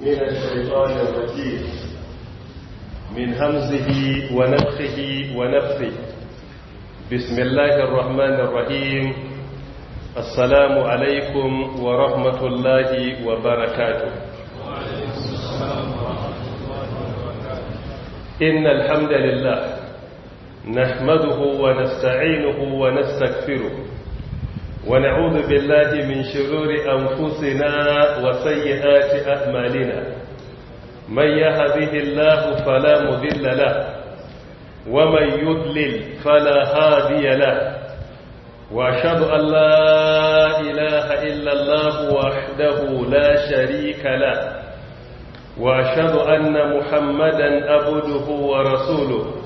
من الشيطان الرجيم من همزه ونفخه ونفثه بسم الله الرحمن الرحيم السلام عليكم ورحمة الله وبركاته إن الحمد لله نحمده ونستعينه ونستكفره ونعوذ بالله من شرور أنفسنا وسيئات أعمالنا من يهده الله فلا مذل له ومن يضلل فلا هادي له وأشهد أن لا إله إلا الله وحده لا شريك له وأشهد أن محمدا أبده ورسوله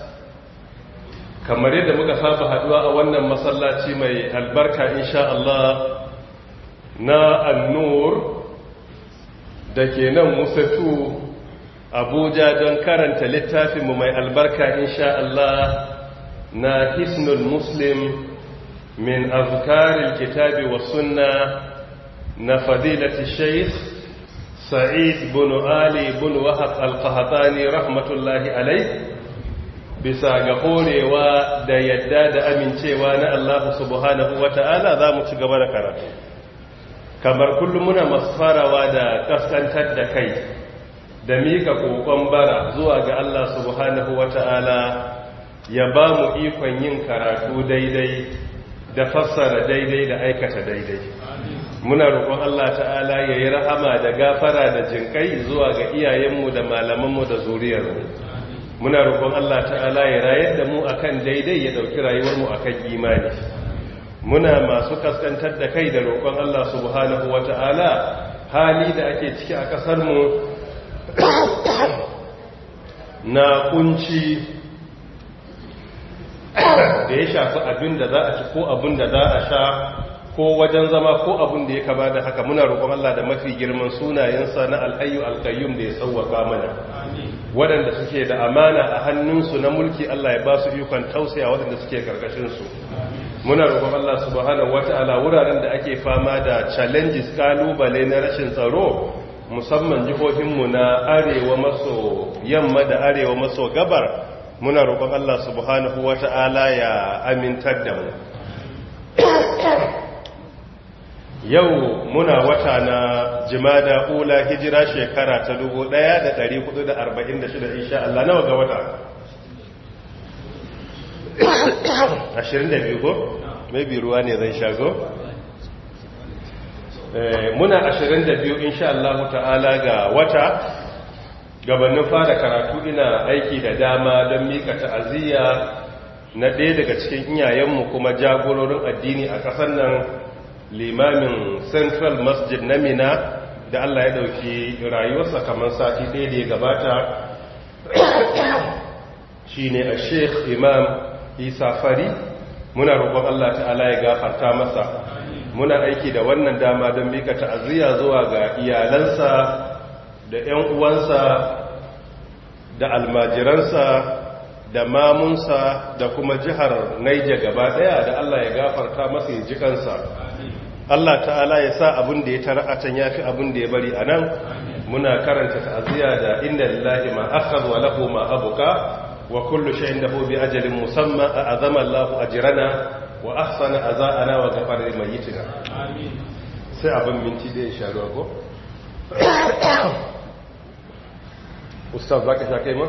kamar yadda muka saba haduwa a wannan masallaci mai albarka insha Allah na annur da ke nan musatu abuja don karanta littafinmu mai albarka insha Allah na hisnul muslim min azkarin kitabi wa sunna na fadilati shaykh sa'id bin ali bin wahab al rahmatullahi alayhi bisa ga horewa da yadda da amincewa na Allah subhanahu wa ta'ala, za mu ci gaba da karatu kamar kullum muna masu farawa da kaskantar da kai da mika kokon bara zuwa ga Allah subhanahu wa ta'ala ya ba mu ikon yin karatu daidai da fassara daidai da aikata daidai muna roƙon Allah ta'ala ya yi rahama da gafara da jinƙai zuwa ga iyayenmu da malamanmu da zuriyarmu muna roƙon Allah ta'ala ya rayar da mu akan daidai ya ɗauki rayuwar mu akan imani muna masu kaskantar da kai da roƙon Allah subhanahu wata'ala hali da ake ciki a ƙasar mu na kunci da ya shafi abin da za a ci ko abin da za a sha ko wajen zama ko abin da ya kama da haka muna roƙon Allah da mafi girman sunayensa na alhayyu alkayyum da ya sauwaka mana waɗanda suke da amana a hannunsu na mulki Allah ya ba su ikon tausaya waɗanda suke karkashinsu muna roƙon Allah subhanahu wata'ala wuraren da ake fama da challenges kalubale na rashin tsaro musamman jihohinmu na arewa maso yamma da arewa maso gabar muna roƙon Allah subhanahu wata'ala ya amintar da mu yau muna wata na jimada ula hijira shekara ta 1446 insha Allah nawa ga wata 22 ko Mai bi ruwa ne zai shago eh, muna 22 insha Allah ta'ala ga wata gabanin fara karatu ina aiki da dama don mika ta'aziyya na ɗaya daga cikin iyayenmu kuma jagororin addini a ƙasar nan limamin central masjid na mina da allah ya dauki rayuwarsa kamar sati ɗaya da ya gabata shi ne a sheikh imam isa fari muna roƙon allah ta'ala ya gafarta masa muna aiki da wannan dama don mika ta'aziyya zuwa ga iyalansa da 'yan uwansa da almajiransa da mamunsa da kuma jihar Naija gaba daya da Allah ya gafarta masa ya ji Allah ta'ala ya sa abin da ya tara a can fi abin da ya bari a nan muna karanta ta'aziyya da inda lillahi ma akhadha wa lahu ma abuka wa kullu shay'in dahu bi ajalin musamma azama Allah ajrana wa ahsana azana wa ghafara limayyitina amin sai abin minti da insha Allah ko ustaz zaka sha kai ma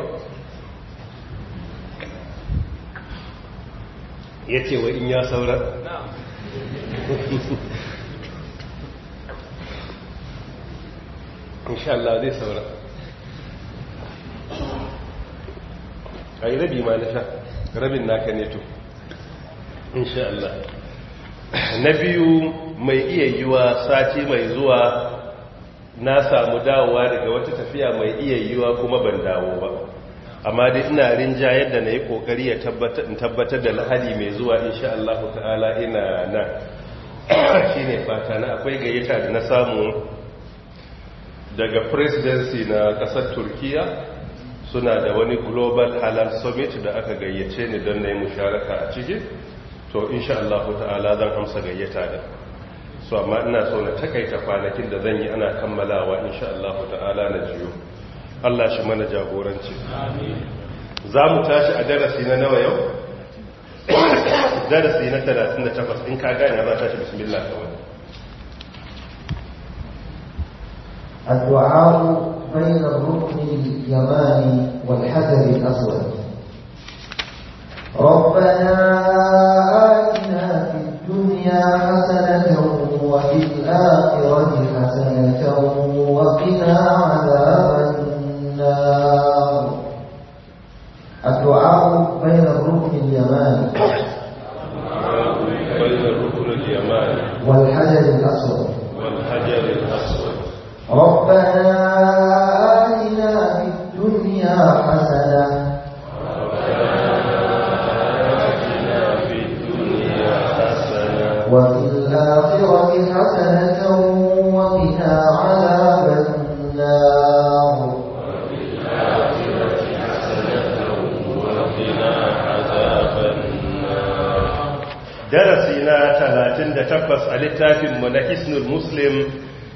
yace wa in ya saura na'am sha Allah zai saura a yi rabi ma na sha rabin naka ne to insha Allah na biyu mai iya yiwa sati mai zuwa na samu dawowa daga wata tafiya mai iya yiwa kuma ban dawo ba amma dai ina rinja yadda na yi kokari ya tabbatar da lahadi mai zuwa insha Allah ta'ala ina nan shi ne fata na akwai gayyata da na samu daga presidency na ƙasar turkiya suna da wani global halal summit da aka gayyace ni don na yi musharaka a ciki to insha Allah ta'ala zan amsa gayyata da su amma ina so na takaita kwanakin da zan yi ana kammalawa insha Allah ta'ala na jiyo Allah shi mana jagoranci za mu tashi a darasi na nawa yau darasi na 38 in ka gane za tashi bismillah kawai الدعاء بين الركن اليماني والحجر الأسود ربنا آتنا في الدنيا حسنة وفي الآخرة حسنة وقنا عذاب النار النار الدعاء بين الركن والحجر الأسود والحجر الأسود ربنا tabbas a littafinmu na hisnul muslim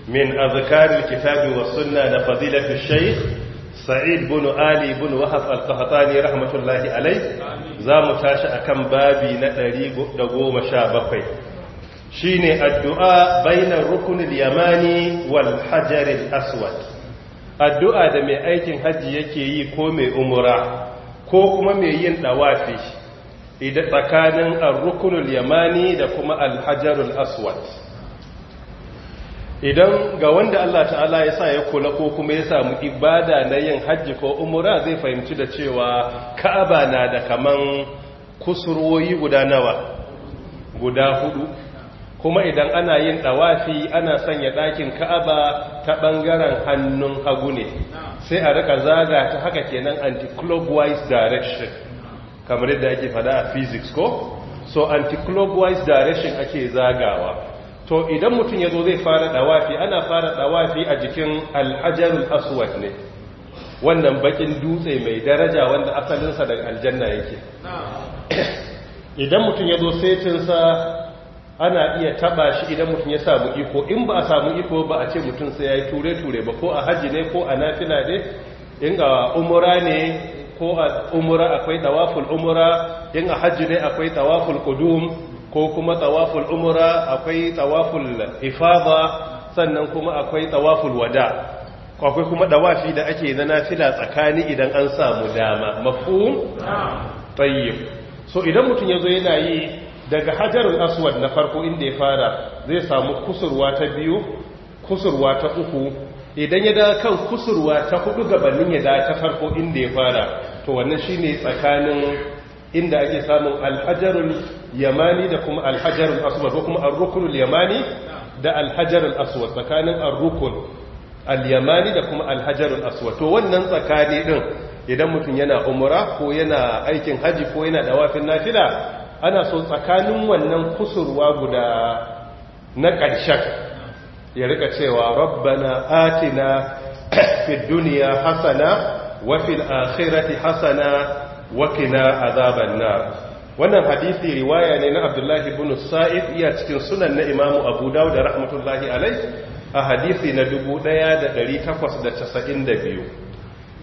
min azkaril kitabi wa sunna da fadilatu shaykh sa'id bin ali bin wahab al-qahtani rahmatullahi alayh zamu tashi akan babi na 117 shine addu'a bainar rukunil yamani wal hajar al-aswad addu'a da mai aikin haji yake yi ko mai umura ko kuma mai yin dawafi Idan tsakanin arrukunul yamani da kuma alhajarul aswad idan ga wanda Allah ta'ala ya sa ya kula ko kuma ya samu ibada na yin hajji ko umura zai fahimci da cewa ka'aba na da kaman kusurwoyi guda nawa guda hudu kuma idan ana yin dawafi ana sanya ɗakin ka'aba ta ɓangaren hannun hagu ne sai a rika zaga ta haka kenan anti-clockwise direction kamar yadda ake fada a physics ko so anti-clockwise direction ake zagawa to idan mutum ya zo zai fara dawafi ana fara dawafi a jikin alhajarul aswad ne wannan bakin dutse mai daraja wanda asalinsa daga aljanna yake idan mutum ya zo setinsa ana iya taba shi idan mutum ya samu iko in ba a samu iko ba a ce mutum sai ya yi ture-ture ba ko a hajji ne ko a nafila ne in ga umura ne ko a umura akwai tawaful umura in a hajji ne akwai tawaful kudum ko kuma tawaful umura akwai tawaful ifada sannan kuma akwai tawaful wada akwai kuma dawafi da ake na nafila tsakani idan an samu dama mafhum tayyib so idan mutum yazo yana yi daga hajarul aswad na farko inda ya fara zai samu kusurwa ta biyu kusurwa ta uku idan ya da kan kusurwa ta hudu gabanin ya da ta farko inda ya fara to wannan shi ne tsakanin inda ake samun alhajarun yamani da kuma alhajarun aswad ko kuma arrukunul yamani da alhajarun aswad tsakanin arrukun al'yamani, da kuma alhajarun aswad to wannan tsakani din idan mutum yana umura, ko yana aikin haji ko yana da wafin nafila ana so tsakanin wannan kusurwa guda na ƙarshen ya rika cewa rabbana atina fid duniya hasana wa fil akhirati hasana wa qina azaban nar wannan hadisi riwaya ne na Abdullahi ibn Sa'id iya cikin sunan na Imam Abu Dawud rahmatullahi alai a hadisi na 1892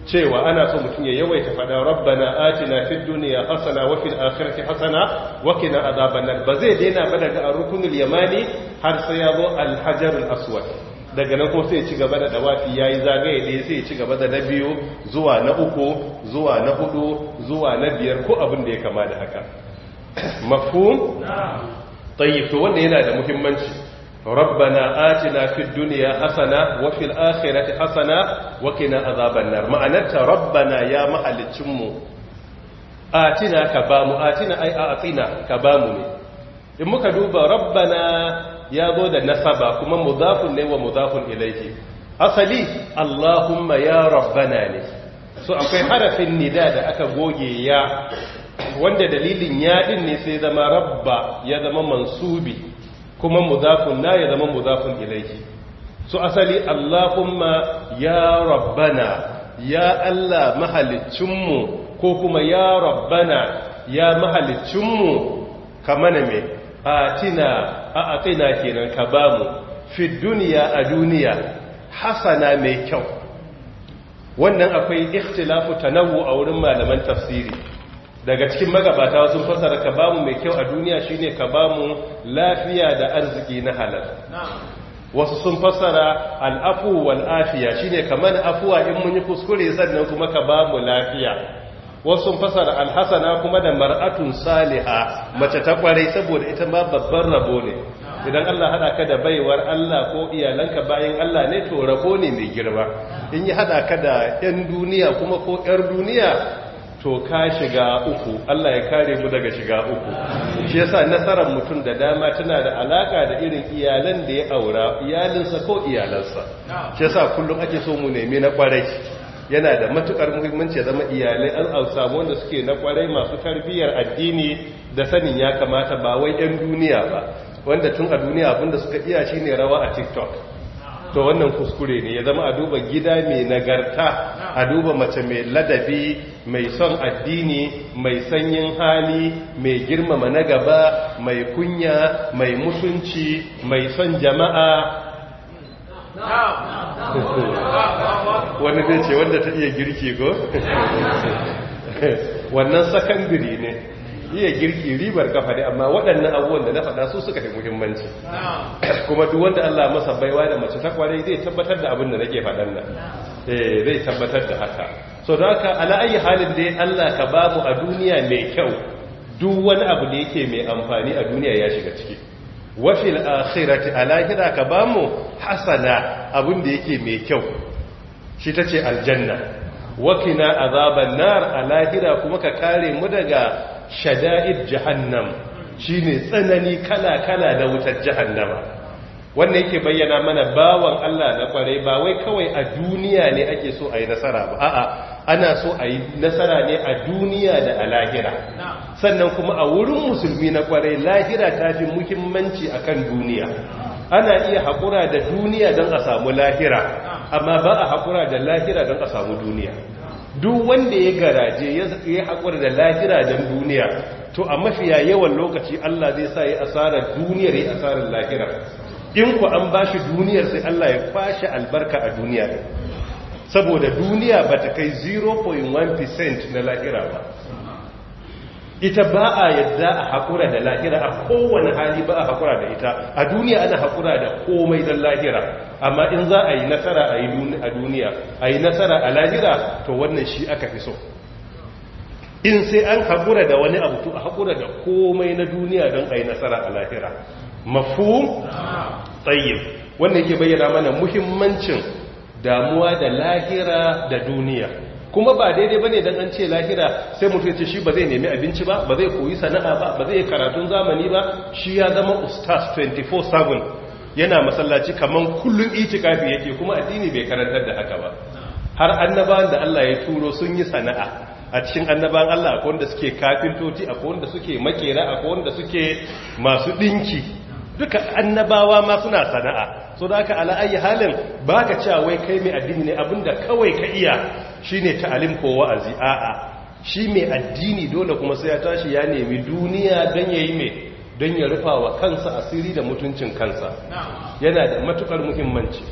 cewa ana so mutum ya yawaita faɗa rabbana atina fid dunya hasana wa fil akhirati hasana wa qina azabannar ba zai daina ba daga rukunin yamani har sai ya zo al al aswad daga nan ko sai ci gaba da dawafi yayi zagaye dai sai ci gaba da na biyu zuwa na uku zuwa na hudu zuwa na biyar ko abin da ya kama da haka mafhum tayyib to wanda yana da muhimmanci rabbana atina fid dunya hasana wa fil akhirati hasana wa qina azaban nar ma'anarta rabbana ya mahalicin atina ka ba atina ai atina ka ba mu ne in muka duba rabbana ya zo da nasaba kuma mudafun ne wa mudafun ilayhi asali allahumma ya rabbana ne so akwai harafin nida da aka goge ya wanda dalilin yaɗin din ne sai zama rabba ya zama mansubi kuma mudafun na ya zama muzafin ilaiki su asali allahumma ya rabbana ya allah mahalicinmu ko kuma ya rabbana ya mahalicinmu kamana me atina a atina kenan ka bamu fi duniya a duniya hasana mai kyau wannan akwai ikhtilafu tanawu a wurin malaman tafsiri daga cikin magabata sun fasara ka bamu mai kyau a duniya shine ka bamu lafiya da arziki na halal wasu sun fasara al'afu wal afiya shine kamar afuwa in mun yi kuskure sannan kuma ka bamu lafiya wasu sun fasara alhasana kuma da mar'atun saliha mace ta kwarai saboda ita ma babban rabo ne idan Allah hada ka da baiwar Allah ko iyalanka bayan Allah ne to rabo ne mai girma in yi hada ka da 'yan duniya kuma ko 'yar duniya to ka shiga uku Allah ya kare mu daga shiga uku shi yasa nasarar mutum da dama tana da alaka da irin iyalan da ya aura iyalinsa ko iyalansa shi yasa kullum ake so mu nemi na kwarai yana da matukar muhimmanci zama iyalai an samu wanda suke na kwarai masu tarbiyyar addini da sanin ya kamata ba wai 'yan duniya ba wanda tun a duniya abinda suka iya shine rawa a tiktok to wannan kuskure ne ya zama a duba gida mai nagarta a duba mace mai ladabi mai son addini mai sanyin hali mai girmama na gaba mai kunya mai mutunci mai son jama'a wani zai ce wanda ta iya girki go wannan sakandiri ne iya girki ribar kafa dai amma waɗannan abubuwan da na faɗa su suka fi muhimmanci kuma duk wanda Allah masa baiwa da mace takwa dai zai tabbatar da abin da nake faɗan nan eh zai tabbatar da haka so don haka ala ayi halin dai Allah ka babu a duniya mai kyau duk wani abu da yake mai amfani a duniya ya shiga ciki wafil akhirati lahira ka bamu hasana abin da yake mai kyau shi tace aljanna wakina azaban nar lahira kuma ka kare mu daga shada'id jahannam shine tsanani kala-kala da wutar jahannama wannan yake bayyana mana bawan Allah na kwarai ba wai kawai a duniya ne ake so a yi nasara ba a'a ana so a yi nasara ne a duniya da a lahira sannan kuma a wurin musulmi na kwarai lahira ta fi muhimmanci akan duniya ana iya haƙura da duniya don a samu lahira amma ba a haƙura da lahira don a samu duniya duk wanda ya garaje ya haƙura da lahira don duniya to a mafiya yawan lokaci Allah zai sa ya asarar duniyar ya asarar lahira in ku an ba shi duniyar sai Allah ya kwashe albarka a duniya saboda duniya ba ta kai 0.1% na lahira ba ita ba a yadda a haƙura da lahira a kowane hali ba a haƙura da ita a duniya ana haƙura da komai don lahira amma in za a yi nasara a duniya a yi nasara a lahira to wannan shi aka fi so in sai an haƙura da wani abu to a haƙura da komai na duniya don a yi nasara a lahira mafu tsayin wannan ke bayyana mana muhimmancin damuwa da lahira da duniya kuma ba daidai bane dan an ce lahira sai mutum ya ce shi ba zai nemi abinci ba ba zai koyi sana'a ba ba zai karatun zamani ba shi ya zama ustaz 24/7 yana masallaci kaman kullun itikafi yake kuma addini bai karantar da haka ba har annabawan da Allah ya turo sun yi sana'a a cikin annabawan Allah akwai wanda suke kafintoti akwai wanda suke makera akwai wanda suke masu dinki duka annabawa ma suna sana'a so da aka ala'ayi halin ba ka cewa wai kai mai addini ne abinda kawai ka iya shine ne ta'alim ko wa'azi a'a shi mai addini dole kuma sai ya tashi ya nemi duniya don ya yi mai don ya rufa wa kansa asiri da mutuncin kansa yana da matukar muhimmanci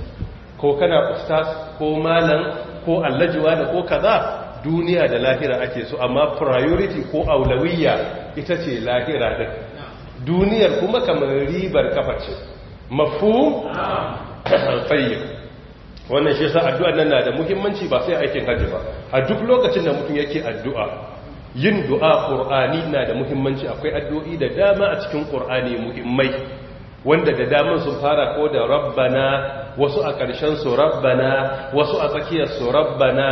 ko kana ustaz ko malam ko allajiwa da ko kaza duniya da lahira ake so amma priority ko aulawiyya ita ce lahira din duniyar kuma kamar ribar kafa ce mafu fayyar wannan shi sa addu'a nan na da muhimmanci ba sai aikin hajji ba a duk lokacin da mutum yake addu'a yin du'a ƙur'ani na da muhimmanci akwai addu'o'i da dama a cikin ƙur'ani muhimmai wanda da damar sun fara ko da rabbana wasu a ƙarshen su rabbana wasu a tsakiyar su rabbana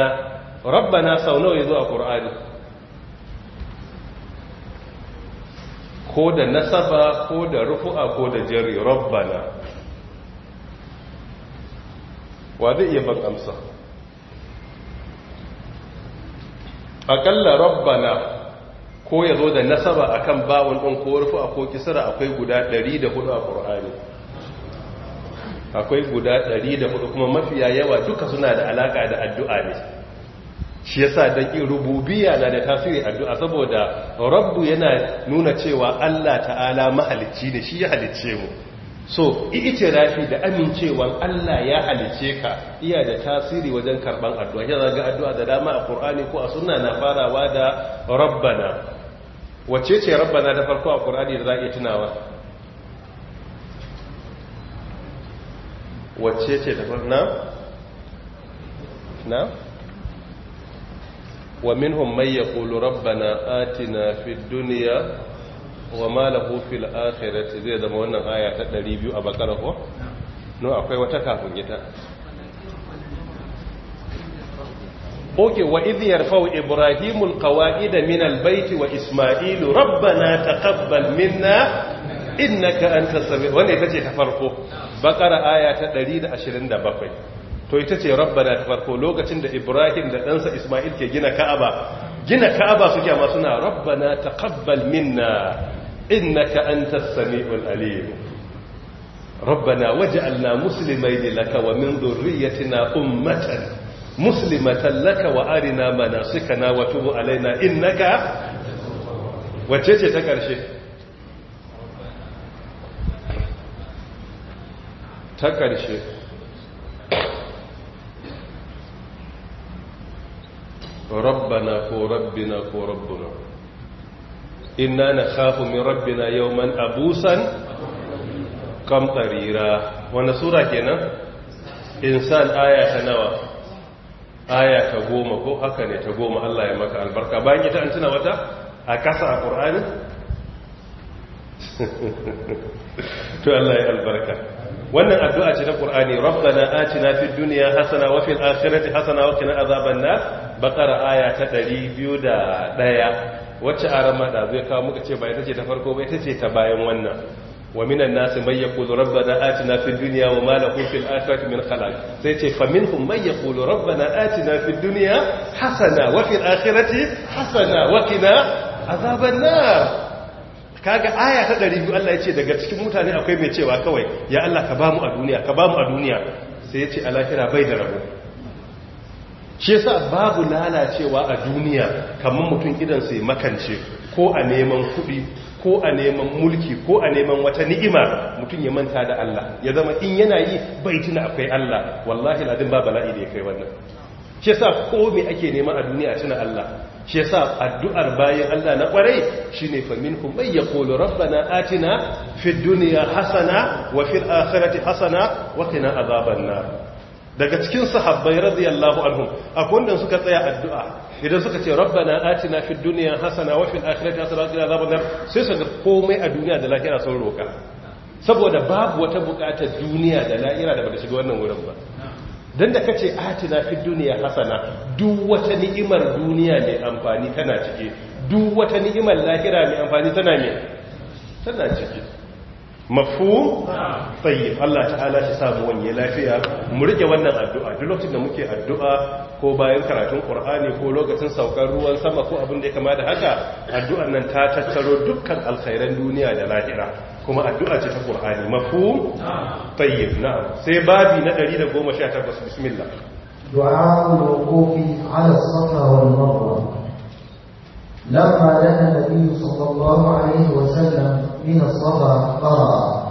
rabbana sau nawa ya zo a ƙur'ani ko da nasaba ko da rufu'a ko da jari rabbana wa zai iya ban amsa akalla rabbana ko ya zo da nasaba akan bawon ɗan ko rufu'a ko kisra akwai guda 104 a ƙur'ani akwai guda 104 kuma mafiya yawa duka suna da alaka da addu'a ne shi yasa da ƙin rububiya na da tasiri addu'a saboda rabbu yana nuna cewa Allah ta'ala mahalicci da shi ya halicce mu so rafi da amincewan Allah ya halicce ka iya da tasiri wajen karban addu'a yana ga addu'a da dama a Qur'ani ko a suna na farawa da rabbana wacce ce rabbana da farko a Qur'ani da za a iya tunawa wacce ce da farko na na ومنهم من يقول ربنا آتنا في الدنيا وما له في الآخرة زي da wannan aya ta 200 a bakara ko no akwai wata kafin ita oke wa idh yarfau ibrahimu alqawaida min albayt wa isma'ilu rabbana taqabbal minna innaka antas samiu wannan ita ce ta farko bakara aya ta 127 to ita ce rabbana ta farko lokacin da ibrahim da ɗansa ismail ke gina ka'aba gina ka'aba suke amma suna rabbana taqabbal minna innaka antas samiul alim rabbana waj'alna muslimayn laka lakawa min dhurriyyatina ummatan muslimatan laka wa mana suka wa tub alaina innaka Wace ce ta ƙarshe? ta ƙarshe. rabbana ko rabbina ko rabbuna inna na khafu min rabbina yawman abusan kamtarira wanda sura kenan insan aya nawa aya goma ko haka ne ta goma Allah ya maka albarka bayan ita an tuna wata a kasa a to Allah albarka wannan addu'a ce ta ƙur'ani rabbana atina fid dunya hasana wa fil akhirati hasana wa qina azaban nar bakara aya ta 201 wacce a ramada zai kawo muka ce bai ce ta farko bai ce ta bayan wannan wa minan nasi may yaqulu rabbana atina fid dunya wa ma lahu fil akhirati min khalaq sai ce fa minhum may yaqulu rabbana atina fid dunya hasana wa fil akhirati hasana wa qina azaban nar kaga aya ta 200 Allah ya ce daga cikin mutane akwai mai cewa kawai ya Allah ka bamu a duniya ka bamu a duniya sai ya ce a lahira bai da rabo shi yasa babu lalacewa a duniya kamar mutum idan ya makance ko a neman kuɗi ko a neman mulki ko a neman wata ni'ima mutum ya manta da Allah ya zama in yana yi bai tuna akwai Allah wallahi ladin ba bala'i da ya kai wannan shi yasa ko me ake nema a duniya tuna Allah shi yasa addu'ar bayan Allah na kwarai shine fa minhum may yaqulu rabbana atina fid dunya hasana wa fil akhirati hasana wa qina adhaban nar daga cikin sahabbai radiyallahu anhum akwai wanda suka tsaya addu'a idan suka ce rabbana atina fid dunya hasana wa fil akhirati hasana wa qina adhaban sai su komai a duniya da lahira sun roka saboda babu wata bukata duniya da lahira da bata shiga wannan wurin ba dan da kace atina fid dunya hasana duk wata ni'imar duniya mai amfani tana cike duk wata ni'imar lahira mai amfani tana me tana cike mafu tsaye Allah ta'ala shi samu wani lafiya mu rike wannan addu'a duk lokacin da muke addu'a ko bayan karatun ƙur'ani ko lokacin saukar ruwan sama ko abin da ya kama da haka addu'ar nan ta tattaro dukkan alkhairan duniya da lahira kuma addu'a ce ta ƙur'ani mafu tsaye na sai babi na 118 bismillah du'a al-wuqufi ala safa wal marwa lamma da nabi sallallahu alaihi wa sallam من الصفا صفا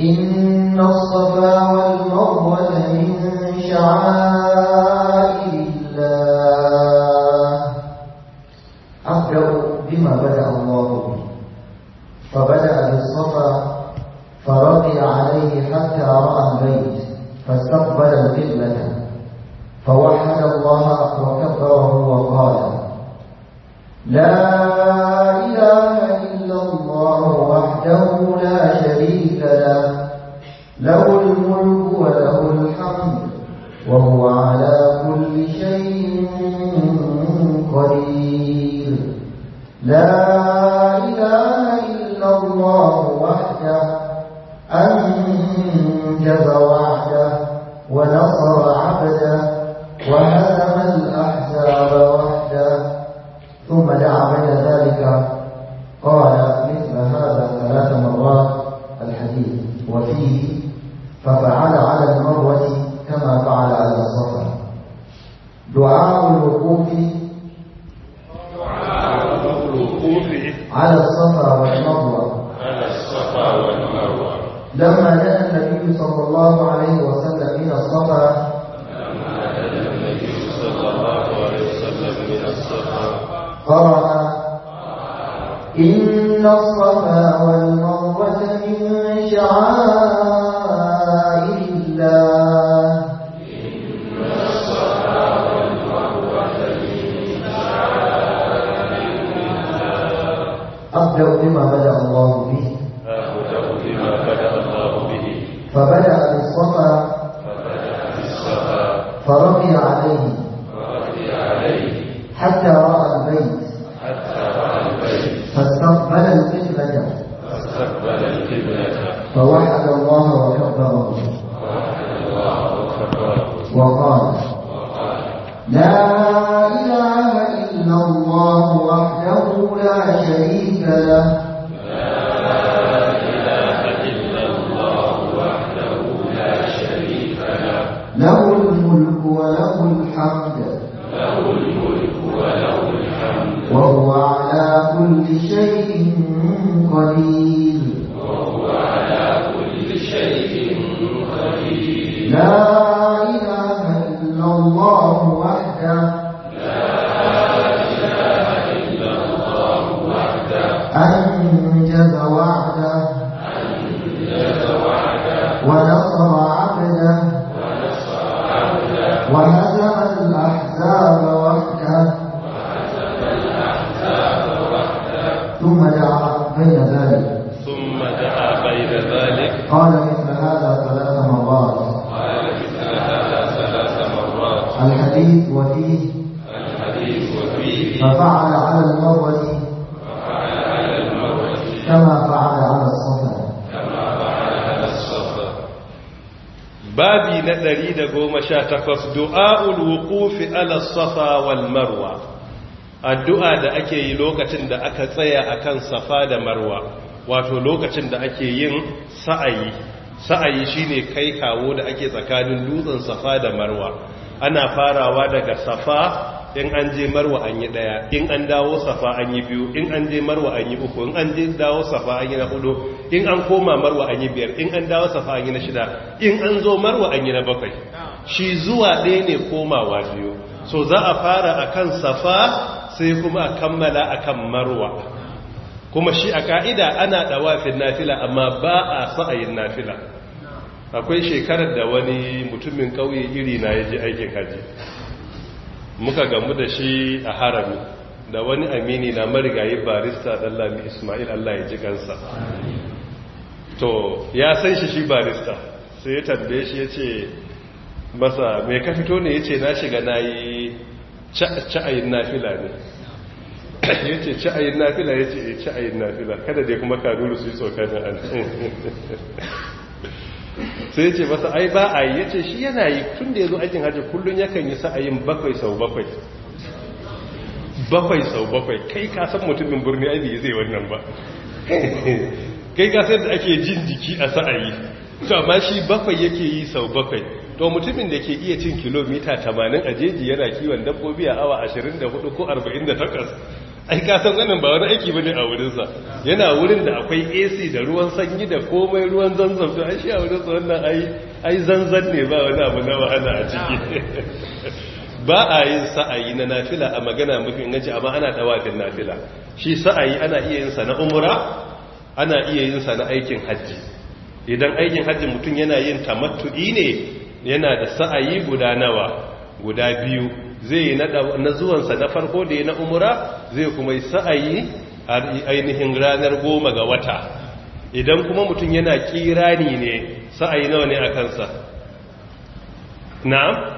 إن الصفا والمروة من شعائر الله أبدأ بما بدأ tema 18 du'a du'a'ul wuqufi ala safa wal marwa addu'a da ake yi lokacin da aka tsaya akan safa da marwa wato lokacin da ake yin sa'ayi sa'ayi shine kai kawo da ake tsakanin dutsen safa da marwa ana farawa daga safa in an je marwa an yi daya in an dawo safa an yi biyu in an je marwa an yi uku in an je dawo safa an yi na hudu in an koma marwa an yi biyar in an dawo safa an yi na shida in an zo marwa an yi na bakwai shi zuwa ɗaya ne komawa biyu so za a fara akan safa sai kuma a kammala akan marwa kuma shi a ka'ida ana ɗawafin nafila amma ba a sa'ayin nafila akwai shekarar da wani mutumin ƙauye iri na ya ji aikin haji muka gamu da shi a harami da wani amini na marigayi barista Lami ismail allah ya ji kansa to ya san shi shi barista sai ya tambaye shi ya ce masa mai ka fito ne ya ce na shiga na yi ca'ayin nafila ne ya ce ca'ayin nafila ya ce eh, ca'ayin nafila kada dai kuma kanuru su yi tsokanin an sai ya ce masa ai ba a yi ya ce shi yana yi tun da ya zo aikin hajji kullum yakan yi sa'ayin bakwai sau bakwai bakwai sau bakwai kai ka san mutumin birni aibi zai wannan ba kai ka san da ake jin jiki a sa'ayi to amma shi bakwai yake yi sau bakwai to mutumin da ke iya cin kilomita 80 a jeji yana kiwon dabbobi a awa 24 ko 48 ai ka san wannan ba wani aiki bane a wurinsa yana wurin da akwai AC da ruwan sanyi da komai ruwan zanzan to ai shi a wurinsa wannan ai ai zanzan ne ba wani abu na wahala a ciki ba a yin sa'ayi na nafila a magana in inganci amma ana tawafin nafila shi sa'ayi ana iya yin sa na umra ana iya yin sa na aikin hajji idan aikin hajji mutum yana yin tamattu'i ne yana da sa'ayi guda nawa guda biyu zai yi na zuwansa na farko da ya na umura zai kuma yi sa'ayi a ainihin ranar goma ga wata idan kuma mutum yana kirani ne sa'ayi nawa ne a kansa na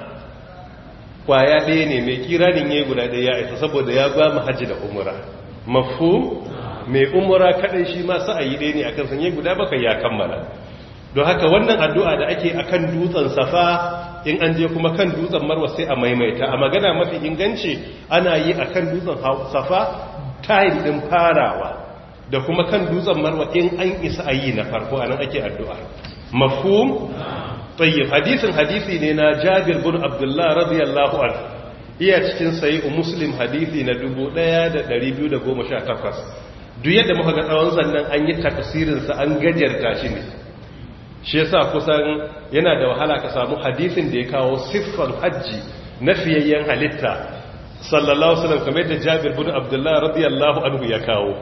kwaya ɗaya ne mai kiranin ya yi guda ɗaya ya isa saboda ya ba mu hajji da umura mafu mai umura kaɗai shi ma sa'ayi ɗaya ne a kansa ya guda baka ya kammala don haka wannan addu'a da ake a kan dutsen safa in an je kuma kan dutsen marwa sai a maimaita a magana mafi inganci ana yi a kan dutsen safa tayin ɗin farawa da kuma kan dutsen marwa in an isa a yi na farko a nan ake addu'a mafhum tayyib hadisin hadisi ne na jabir bin abdullah radiyallahu an iya cikin sayi muslim hadisi na 1218 duk yadda muka ga tsawon zannan an yi tafsirinsa an gajarta shi ne shi yasa kusan yana da wahala ka samu hadisin da ya kawo siffar hajji na fiyayyen halitta sallallahu alaihi kamar da Jabir bin Abdullah radiyallahu anhu ya kawo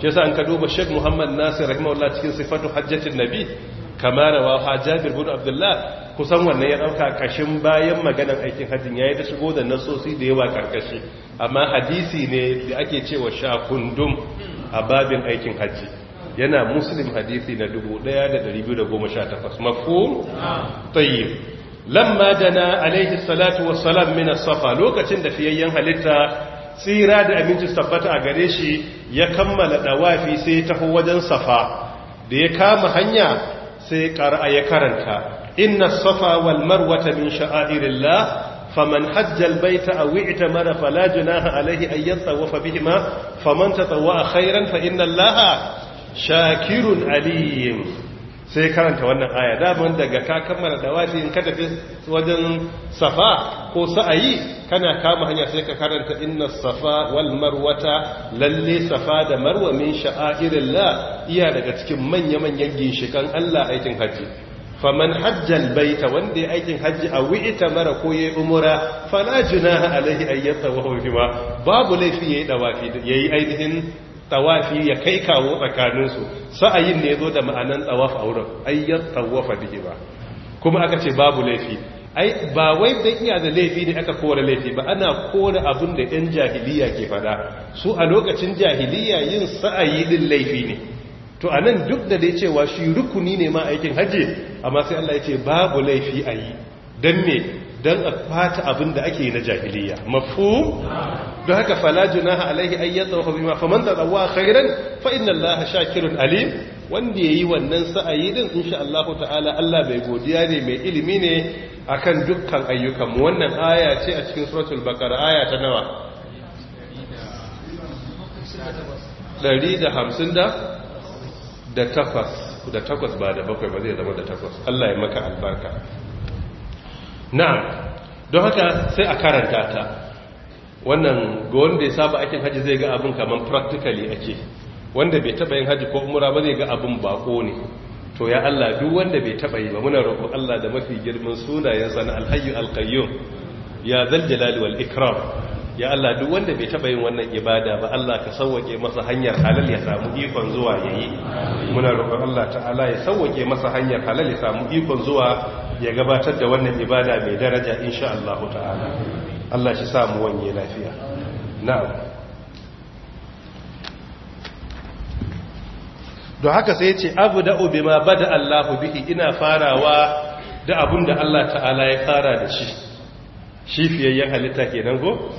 shi yasa an ka duba Sheikh Muhammad Nasir rahimahullah cikin sifatu hajjatin nabi kama rawaha Jabir bin Abdullah kusan wannan ya dauka kashin bayan maganar aikin hajjin yi ta shigo da nasosi da yawa karkashi amma hadisi ne da ake cewa shakundum a babin aikin hajji yana muslim hadisi na 1218 mafhum tayyib lamma dana alaihi salatu wassalam min as-safa lokacin da fiyayyen halitta tsira da aminci tabbata a gare shi ya kammala dawafi sai ya tafi wajen safa da ya kama hanya sai qara'a ya karanta inna as-safa wal marwata min sha'airillah faman hajja al-baita aw i'tamara fala junaha alayhi an yatawafa bihima faman tatawwa khairan fa inna shakirun aliyin sai karanta wannan aya daban daga ka kammala dawafi in ka tafi wajen safa ko sa'ayi kana kama hanya sai ka karanta inna safa wal marwata lalle safa da marwa min la. iya daga cikin manya-manyan ginshikan Allah aikin hajji faman hajjal baita wanda ya aikin hajji a wi'ita mara ko yayi umura fala a alaihi ayyata wa huwa babu laifi yayi dawafi yayi ainihin tsawafi ya kai kawo tsakaninsu sa'ayin ne zo da ma'anan tsawaf a wurin ayyar tsawafa biki ba kuma aka ce babu laifi ai ba wai da iya da laifi ne aka kore laifi ba ana kore abin da yan jahiliya ke fada su a lokacin jahiliya yin sa'ayi din laifi ne to a nan duk da dai cewa shi rukuni ne ma aikin hajji amma sai Allah ya ce babu laifi a yi don don a fata abin da ake na jahiliya mafu don haka fala junaha alaihi ayyata wa bima faman tazawwa khairan fa inna allaha shakirun alim wanda yayi wannan sa'ayi din insha Allah ta'ala Allah bai godiya ne mai ilimi ne akan dukkan ayyukan mu wannan aya ce a cikin suratul baqara aya ta nawa 150 da da da takwas ba da bakwai ba zai zama da takwas Allah ya maka albarka na'am don haka sai a karanta ta wannan ga wanda ya saba aikin haji zai ga abin kamar practically ake wanda bai taba yin haji ko umura ba zai ga abin bako ne to ya Allah duk wanda bai taba yi ba muna roƙon Allah da mafi girman sunayen na alhayyu alqayyum ya zal jalali wal ikram ya Allah duk wanda bai taba yin wannan ibada ba Allah ka sauke masa hanyar halal ya samu ikon zuwa yayi muna roƙon Allah ta'ala ya sauke masa hanyar halal ya samu ikon zuwa ya gabatar da wannan ibada mai daraja insha Allah ta'ala Allah shi samu wanye lafiya na'am don haka sai ce abu da obi ma bada Allah bihi ina farawa da abun da Allah ta'ala ya fara da shi shi fiyayyen halitta kenan ko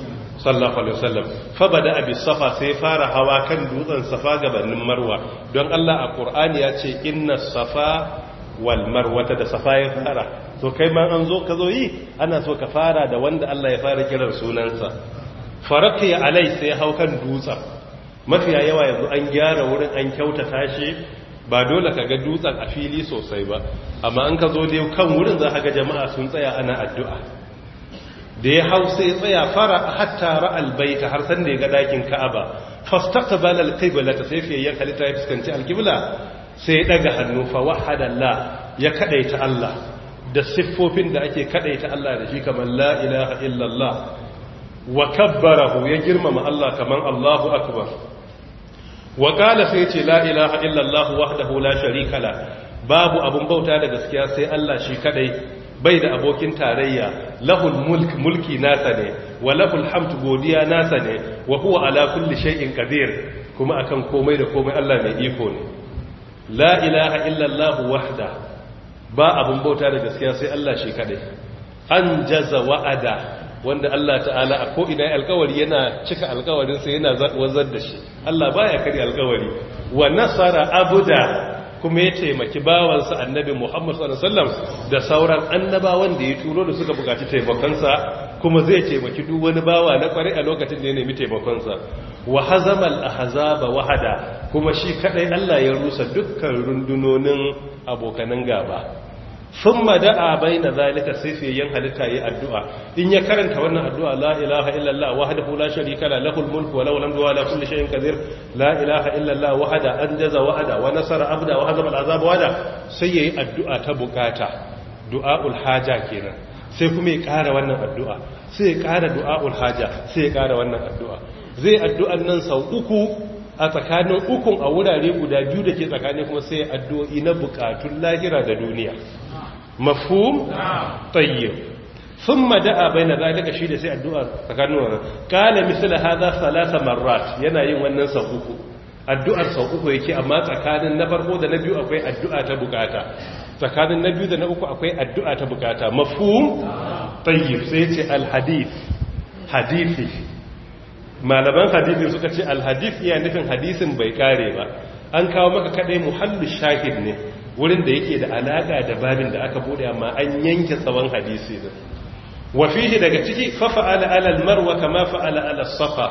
sallallahu alaihi wasallam fa bada abi safa sai fara hawa kan dutsen safa gabanin marwa don Allah a qur'ani ya ce inna safa wal marwata da safayin fara so kai ma an zo ka zo yi ana so ka fara da wanda Allah ya fara kiran sunansa faraki alai sai hau kan dutsen mafiya yawa yanzu an gyara wurin an kyauta shi ba dole ka ga dutsen a fili sosai ba amma an ka zo dai kan wurin za ka ga jama'a sun tsaya ana addu'a da ya hau sai tsaya fara hatta ra'al baita har san da ya ga dakin ka'aba fastaqbala al-qibla sai fiye ya kalita ya fuskanci al sai ya daga hannu fa wahadallah ya kadaita Allah da siffofin da ake kadaita Allah da shi kamar la illallah wa kabbarahu ya girmama Allah kamar Allahu akbar wa qala sai ce la illallah wahdahu la sharika babu abun bauta da gaskiya sai Allah shi kaɗai bai da abokin tarayya lahul mulk mulki nasa ne wa lahul hamd godiya nasa ne wa huwa ala kulli shay'in qadir kuma akan komai da komai Allah mai iko ne la ilaha illallah wahda ba abun bauta da gaskiya sai Allah shi kadai an jaza wa'ada wanda Allah ta'ala a ko ko'ina alkawari yana cika alkawarinsa yana wazar da shi Allah baya kari alkawari wa nasara abuda kuma ya taimaki bawansa annabi Muhammad sallallahu alaihi wasallam da sauran annabawan da ya turo da suka bukaci taimakonsa kuma zai taimaki duk wani bawa na kware a lokacin da ya nemi taimakonsa wa hazamal ahzaba wahada kuma shi kadai Allah ya rusa dukkan rundunonin abokanan gaba sun mada'a bai na zalika sai yin halitta yi addu'a in ya karanta wannan addu'a la ilaha illallah wahada hula sharika la lahul mulku wa laulan duwa la kulli shayin kadir la ilaha illallah wahada an jaza wa'ada wa nasara abda wa hazama al'azab wa'ada sai ya yi addu'a ta bukata du'aul haja kenan sai kuma ya kara wannan addu'a sai ya kara du'aul haja sai ya kara wannan addu'a zai addu'an nan sau uku a tsakanin ukun a wurare guda biyu da ke tsakani kuma sai addu'o'i na bukatun lahira da duniya mafhum tayyib thumma da'a baina zalika shi da sai addu'a tsakanin wannan kana misla hadha thalatha marrat yana yin wannan sauku addu'ar sauku uku yake amma tsakanin na farko da na biyu akwai addu'a ta bukata tsakanin na biyu da na uku akwai addu'a ta bukata mafhum tayyib sai ce al hadith hadisi malaman hadisi suka ce al hadith yana nufin hadisin bai kare ba an kawo maka kadai muhallu shahid ne wurin da yake da alaƙa da babin da aka bude amma an yanke tsawon hadisi din Wafihi daga ciki fa fa'ala alal marwa kama fa'ala alas safa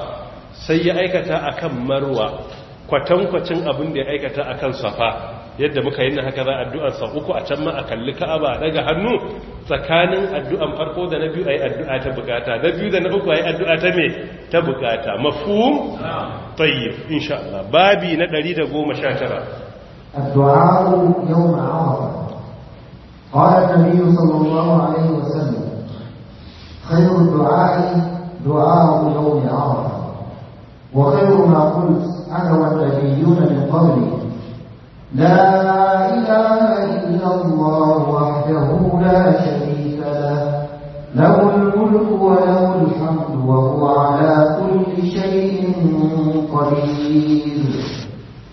sai ya aikata akan marwa kwatankwacin abin da ya aikata akan safa yadda muka yi na haka za addu'ar sa uku a can ma a kalli ka'aba daga hannu tsakanin addu'an farko da na biyu ayi addu'a ta bukata na biyu da na uku ayi addu'a ta me ta bukata mafhum tayyib insha Allah babi na 119 الدعاء يوم عرفة قال النبي صلى الله عليه وسلم خير الدعاء دعاء يوم عرفة وخير ما قلت أنا والنبيون من قبلي لا إله إلا الله وحده لا شريك له له الملك وله الحمد وهو على كل شيء قدير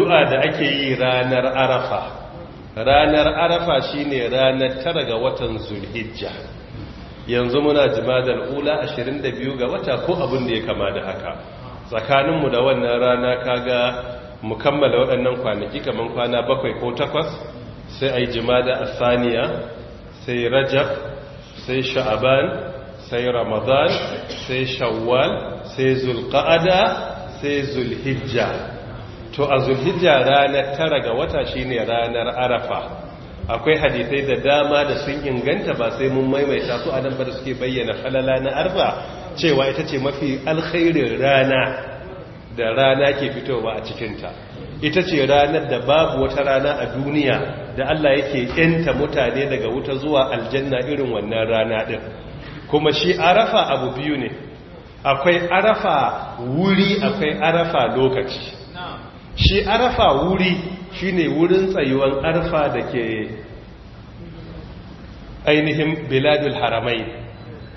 addu'a da ake yi ranar arafa ranar arafa shi ne ranar tara ga watan zulhijja yanzu muna jimadar ula 22 ga wata ko abin da ya kama da haka tsakaninmu da wannan rana kaga mu kammala waɗannan kwanaki kamar kwana bakwai ko takwas sai a yi jimada a saniya sai rajab sai sha'aban sai ramadan sai shawwal sai zulqa'ada sai zulhijja to a zulhijja ranar tara ga wata shine ranar arafa akwai hadisai da dama da sun inganta ba sai mun maimaita su a ba da suke bayyana falala na arfa cewa ita ce mafi alkhairin rana da rana ke fitowa a cikinta ita ce ranar da babu wata rana a duniya da Allah yake yanta mutane daga wuta zuwa aljanna irin wannan rana din kuma shi arafa abu biyu ne akwai arafa wuri akwai arafa lokaci shi arafa wuri shine wurin tsayuwan arfa da ke ainihin biladul haramai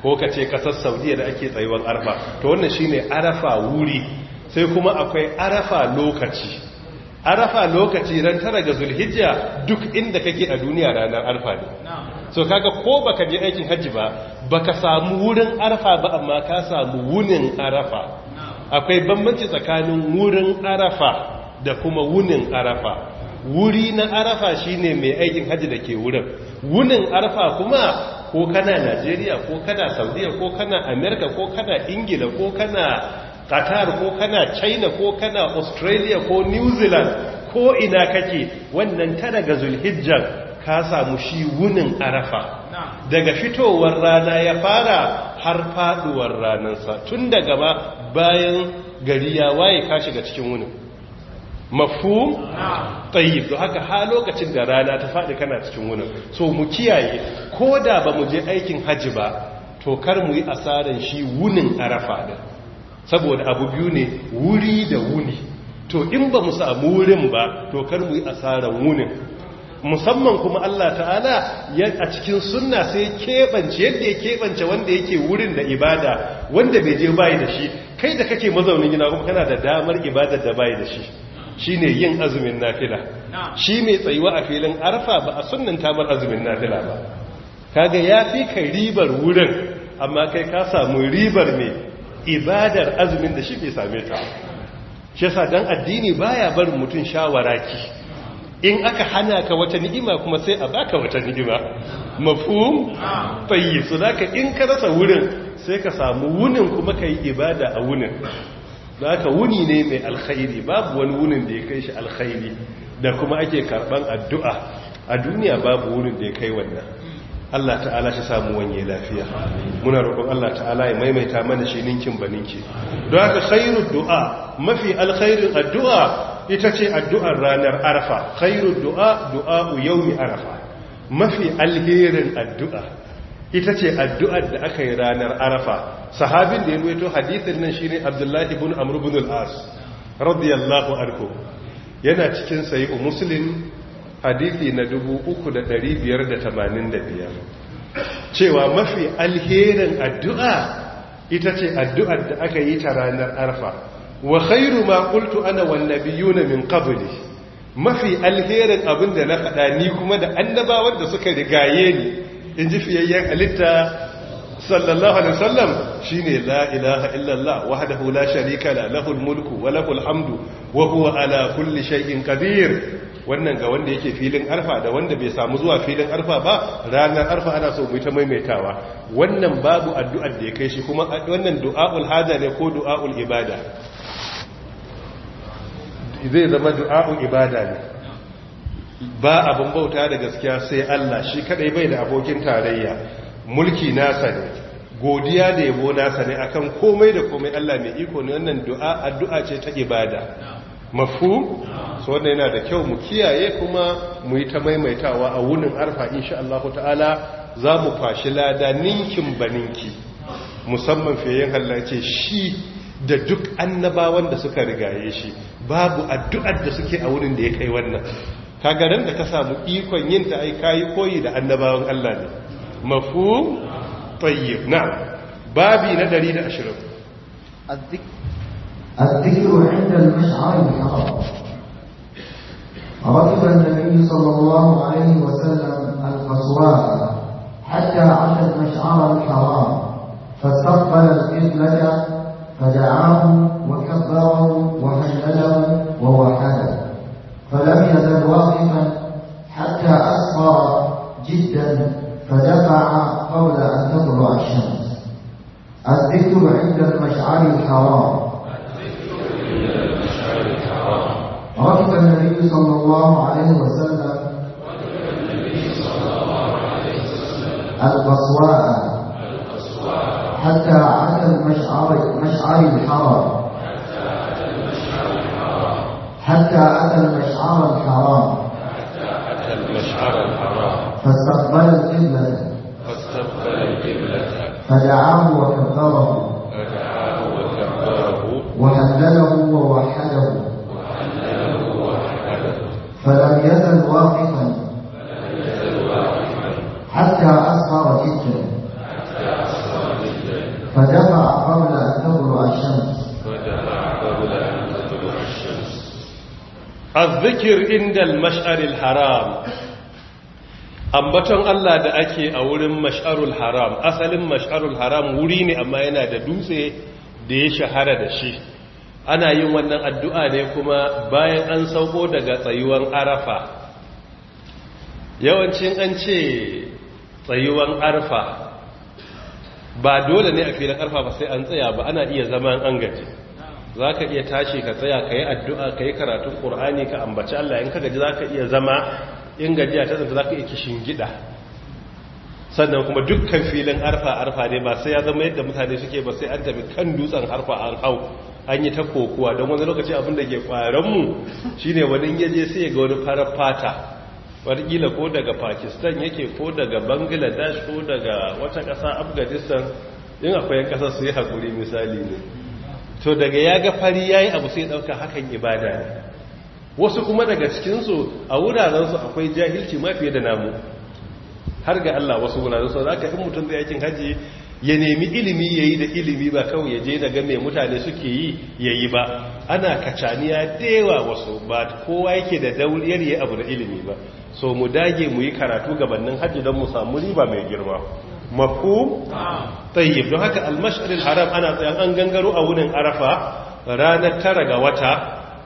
ko ka ce kasar saudiya da ake tsayuwan arfa to wannan shine arafa wuri sai kuma akwai arafa lokaci arafa lokaci ran tara ga zulhijja duk inda kake a duniya ranar arfa ne so kaga ko baka je aikin hajji ba baka samu wurin arfa ba amma ka samu wunin arafa akwai bambanci tsakanin wurin arafa da kuma wunin arafa wuri na arafa shine mai aikin hajji da ke wurin wunin arafa kuma ko kana najeriya ko kana saudiya ko kana amerika ko kana ingila ko kana qatar ko kana china ko kana australia ko new zealand ko ina kake wannan ta daga zulhijjar ka samu shi wunin arafa daga fitowar rana ya fara har faduwar ranansa tun daga ba bayan gari ya waye ka shiga cikin wunin mafhum tayyib to haka ha lokacin da rana ta faɗi kana cikin wurin so mu kiyaye ko da ba mu je aikin hajji ba to kar mu yi asarar shi wunin arafa ɗin saboda abu biyu ne wuri da wuni to in ba mu samu wurin ba to kar mu yi asarar wunin musamman kuma Allah ta'ala a cikin sunna sai keɓance yadda ya keɓance wanda yake wurin da ibada wanda bai je bayi da shi kai da kake mazaunin gina kuma kana da damar ibada da bayi da shi shine yin azumin nafila shi mai tsayuwa a filin arfa ba a sunnanta mar azumin nafila ba kaga ya fi ka ribar wurin amma kai ka samu ribar mai ibadar azumin da shi bai same ta shi yasa dan addini baya barin mutum shawara ki in aka hana ka wata ni'ima kuma sai a baka wata ni'ima mafhum tayyib so zaka in ka rasa wurin sai ka samu wunin kuma kai ibada a wunin za ka wuni ne mai alkhairi babu wani wunin da ya kai shi alkhairi da kuma ake karban addu'a a duniya babu wunin da ya kai wannan Allah ta'ala shi samu wanye lafiya muna roƙon Allah ta'ala ya maimaita mana shi ninkin ba ninki don haka khairun du'a mafi alkhairin addu'a ita ce addu'ar ranar arafa khairun du'a du'a yau arafa mafi alherin addu'a ita ce addu'ar da aka yi ranar arafa sahabin da ya ruwaito hadithin nan shine abdullahi bin amru bin al radiyallahu anhu yana cikin sayi muslim hadithi na 3585 cewa mafi alherin addu'a ita ce addu'ar da aka yi ta ranar arafa. wa khairu ma qultu ana biyu na min qabli mafi alherin abin da na faɗa ni kuma da annabawan da suka rigaye ni in ji fiyayyen halitta sallallahu alaihi wasallam shine la ilaha illallah wahdahu la sharika la lahul mulku wa lahul hamdu wa huwa ala kulli shay'in qadir wannan ga wanda yake filin arfa da wanda bai samu zuwa filin arfa ba ranar arfa ana so mu ta maimaitawa wannan babu addu'ar da ya kai shi kuma wannan du'aul haja ne ko du'aul ibada zai zama du'aul ibada ne ba abin bauta da gaskiya sai Allah shi kadai bai da abokin tarayya mulki nasa ne godiya da yabo nasa ne akan komai da komai Allah mai iko ne wannan du'a addu'a ce ta ibada Mafu, so wannan yana da kyau mu kiyaye kuma mu yi ta maimaitawa a wunin arfa insha Allah ta'ala za mu fashi lada ninkin baninki musamman fiye ce shi da duk annabawan da suka rigaye shi babu addu'ar da suke a wurin da ya kai wannan kagaran da ka samu ikon yin ta ai kayi koyi da annabawan Allah ne mafu tayyib na babi na 120 الذكر عند المشعر الحرام ركب النبي صلى الله عليه وسلم القصواء حتى عدى المشعر الحرام فاستقبل القبلة فدعاه وكبره وهلله ووحده فلم يزل واقفا حتى أصفر جدا فدفع قبل أن تطلع الشمس الذكر عند المشعر الحرام ركب النبي صلى الله عليه وسلم القصواء حتى عاد المشعر مشعر الحرام حتى أتى المشعر الحرام حتى أتى المشعر الحرام فاستقبل القبلة فاستقبل القبلة فدعاه وكبره فدعاه وكبره zikir indal mash'aril haram ambaton Allah da ake a wurin mash'arul haram asalin mash'arul haram wuri ne amma yana da dutse da ya shahara da shi ana yin wannan addu'a ne kuma bayan an sauko daga tsayuwan arafa yawancin an ce tsayuwan arfa ba dole ne a filin arafa ba sai an tsaya ba ana iya zama an gaji za ka iya tashi ka tsaya ka yi addu'a ka yi karatun ƙur'ani ka ambaci Allah in ka gaji za ka iya zama in gajiya ta zanta za ka iya kishin gida sannan kuma dukkan filin arfa-arfa ne ba sai ya zama yadda mutane suke ba sai an tafi kan dutsen arfa an hau an yi ta kokuwa don wani lokaci abin da ke faranmu shi ne wani yaje sai ga wani farar fata wargila ko daga pakistan yake ko daga bangladesh ko daga wata ƙasa afghanistan in akwai yan ƙasa su yi haƙuri misali ne to daga ya ga fari ya yi abu sai ɗauka hakan ibada ne wasu kuma daga cikin a wuraren su akwai jahilci ma fiye da namu har ga Allah wasu wuraren su zaka in mutum da aikin haji ya nemi ilimi yayi da ilimi ba kawai ya je daga mai mutane suke yi yayi ba ana kacaniya dewa wasu ba kowa yake da dauriyar yi abu da ilimi ba so mu dage mu yi karatu gabanin hajji don mu samu riba mai girma Mafu tayyib don haka al haram ana tsayan an gangaro a wurin arafa ranar tara ga wata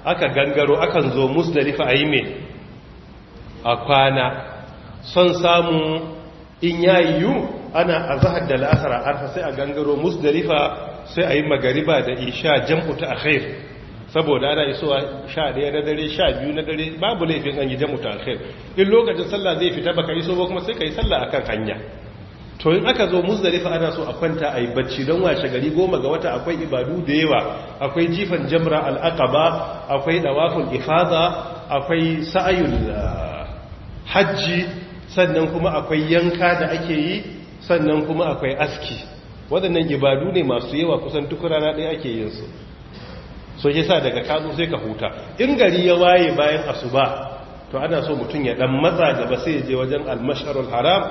aka gangaro akan zo musdalifa a yi me a kwana son samu in yayu ana azhar da al'asar arfa sai a gangaro musdalifa sai a yi magariba da isha jam'u ta akhir saboda ana isowa sha ɗaya na dare sha biyu na dare babu laifin an yi jam'u ta akhir in lokacin sallah zai fita baka iso ba kuma sai ka yi sallah akan hanya to in aka zo muzdalifa ana so a kwanta a yi bacci don washe gari goma ga wata akwai ibadu da yawa akwai jifan jamra al'aqaba akwai dawaful ifada akwai sa'ayul ah, hajji sannan kuma akwai yanka da ake yi sannan kuma akwai aski waɗannan ibadu ne masu yawa kusan duk rana ɗaya ake yin su so yasa daga kazo sai ka huta in gari ya waye bayan asuba to ana so mutum ya dan matsa gaba sai ya je wajen almasharul haram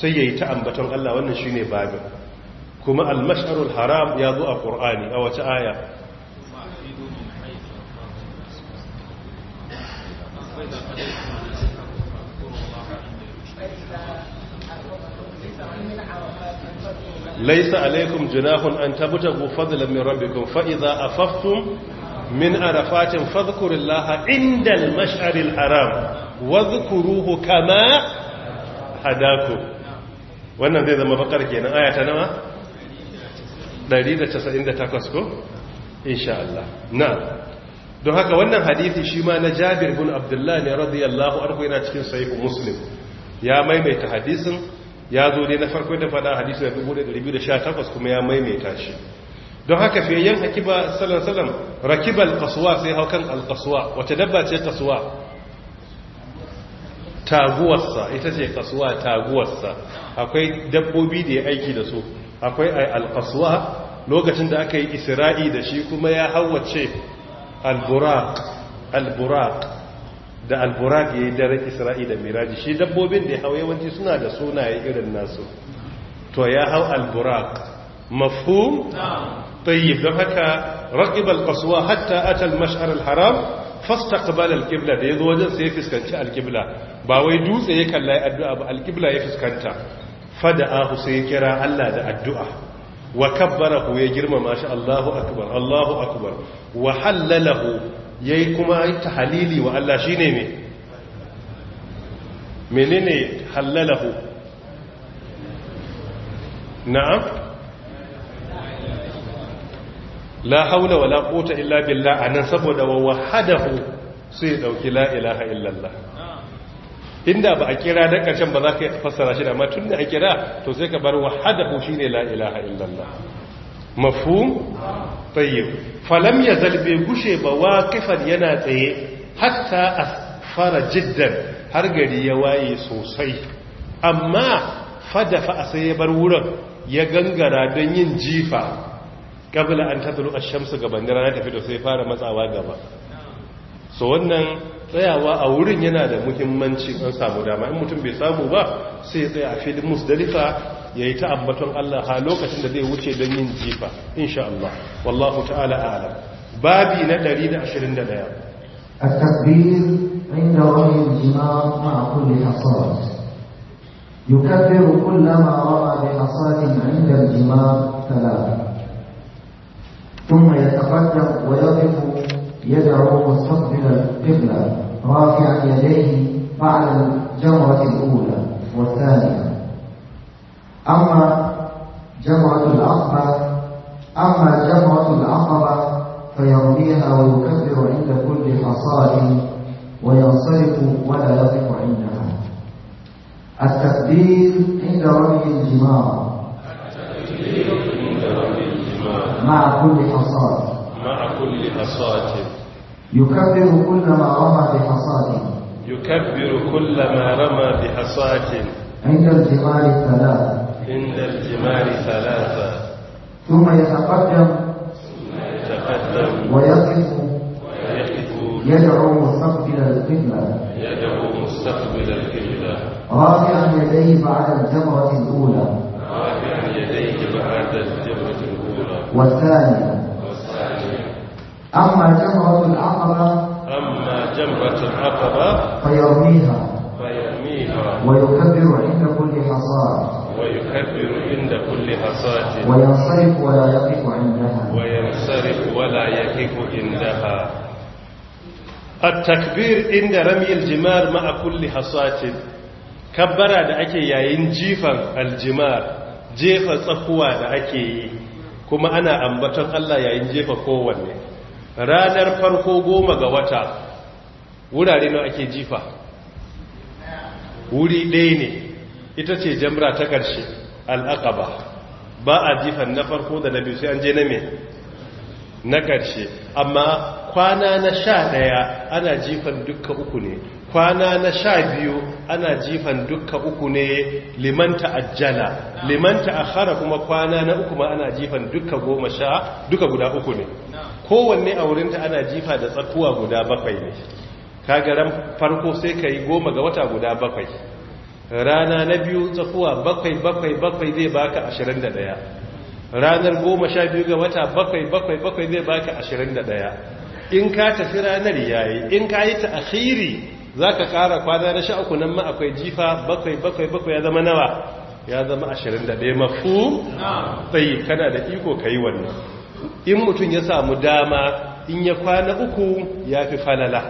sai ya yi ta ambaton Allah wannan ne babin kuma almasharul haram ya zo a Kur'ani a wace aya laisa alaikum junahun an tabtagu fadlan min rabbikum fa idza afafftum min فاذكر الله indal mash'aril الحرام واذكروه kama هداكم wannan zai zama bakar kenan aya ta nawa 198 ko insha Allah na don haka wannan hadisi shi ma na Jabir bin Abdullah ne radiyallahu anhu yana cikin sahih Muslim ya maimaita hadisin ya zo dai na farko da fada hadisi na 1218 kuma ya maimaita shi don haka fiyayyen hakiba salam rakibal kasuwa sai haukan alkasuwa wace dabba ce kasuwa taguwarsa ita ce kasuwa taguwarsa akwai dabbobi da ya aiki da su akwai alkasuwa lokacin da aka yi isra'i da shi kuma ya hawace alburak alburak da alburak ya yi daren isra'i da miraji shi dabbobin da ya hau yawanci suna da sunaye irin nasu to ya hau alburak mafhum tayyib don haka raqibal qaswa hatta a can al haram fastaqbala al qibla da zo wajen sai ya fuskanci al ba wai dutse ya kalla addu'a ba al ya fuskanta fada'a sai ya kira Allah da addu'a wa kabbarahu ya girmama shi Allahu akbar Allahu akbar wa halalahu yayi kuma tahlili wa Allah shine me menene halalahu na'am la haula wala kota illa billah nan saboda wa wahadahu sai dauki la ilaha illallah inda ba a kira da karshen ba za ka fassara shi da amma da a kira to sai ka bar wahadahu shine la ilaha illallah mafhum tayyib falam ya bi gushe ba waqifan yana tsaye hatta a fara jiddan har gari ya waye sosai amma fadafa sai ya bar wurin ya gangara don yin jifa kabla an tatlu a shamsu gaban na tafi da sai fara matsawa gaba so wannan tsayawa a wurin yana da muhimmanci an samu dama in mutum bai samu ba sai ya tsaya a filin musdalifa ya yi ta ambaton Allah ha lokacin da zai wuce don yin jifa insha Allah wallahu ta'ala a'lam babi na 121 يكفر كل inda wani jimar عند kulli hasalat ثم يتقدم ويقف يدعو مستقبل القبلة رافعا يديه بعد الجمرة الأولى والثانية أما جمرة العقبة أما جمرة العقبة فيرميها ويكبر عند كل حصاد وينصرف ولا يقف عندها التكبير عند رمي الجمار التكبير مع كل حصاد مع كل حصاد يكبر كل ما رمى بحصاد يكبر كل ما رمى بحصاد عند الجمال الثلاثة عند الجمال ثلاثة ثم يتقدم يتقدم ويقف ويقف يدعو مستقبل القبلة يدعو مستقبل القبلة رافعا يديه بعد الجمرة الأولى والثانية أما جمرة العقبة أما جمرة العقبة فيرميها فيرميها ويكبر عند كل حصاة ويكبر عند كل حصاة وينصرف ولا يقف عندها وينصرف ولا يقف عندها التكبير عند رمي الجمار مع كل حصاة كبر da أكي yayin جيفا الجمار جيفا tsakuwa da أكي kuma ana ambaton Allah yayin jefa kowanne ranar farko goma ga wata wurare na ake jifa wuri ɗaya ne ita ce jamra ta ƙarshe al'aƙaba ba a jifan na farko da na biyu sai an je na me na ƙarshe amma kwana na sha ɗaya ana jifan duka uku ne kwana na sha biyu ana jifan dukka uku ne liman ta'ajjala liman ta'akhara kuma kwana na uku ma ana jifan dukka goma sha duka guda uku ne kowanne a wurinta ana jifa da tsakuwa guda bakwai ne kagaran farko sai ka yi goma ga wata guda bakwai rana na biyu tsakuwa bakwai bakwai bakwai zai baka ashirin da daya ranar goma sha biyu ga wata bakwai bakwai bakwai zai baka ashirin da daya in ka tafi ranar yayi in ka yi ta akhiri za ka ƙara kwana na sha uku nan ma akwai jifa bakwai bakwai bakwai ya zama nawa ya zama ashirin da ɗaya mafu tsayi kana da iko ka yi wannan in mutum ya samu dama in ya kwana uku ya fi falala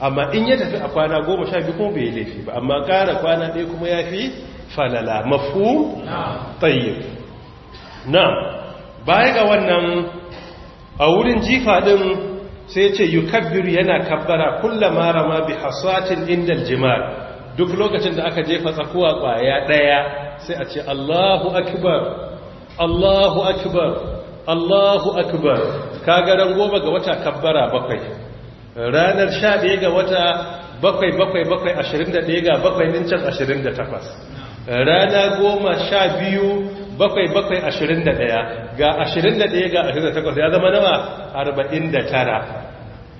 amma in ya tafi a kwana goma sha biyu kuma bai laifi ba amma ƙara kwana ɗaya kuma ya fi falala mafu tsayi na baya ga wannan a wurin jifa ɗin sai ce yukabbiru yana kabbara kullama rama bi hasatin indal jimar duk lokacin da aka jefa tsakuwa kwaya daya sai a ce Allahu akibar Allahu akibar Allahu akbar kaga ran goma ga wata kabbara bakwai ranar sha ɗaya ga wata bakwai bakwai bakwai ɗaya ga bakwai nincin takwas. rana goma sha biyu bakwai bakwai ashirin da daya, ga ashirin da daya ga ashirin da takwas ya zama nawa arba'in da tara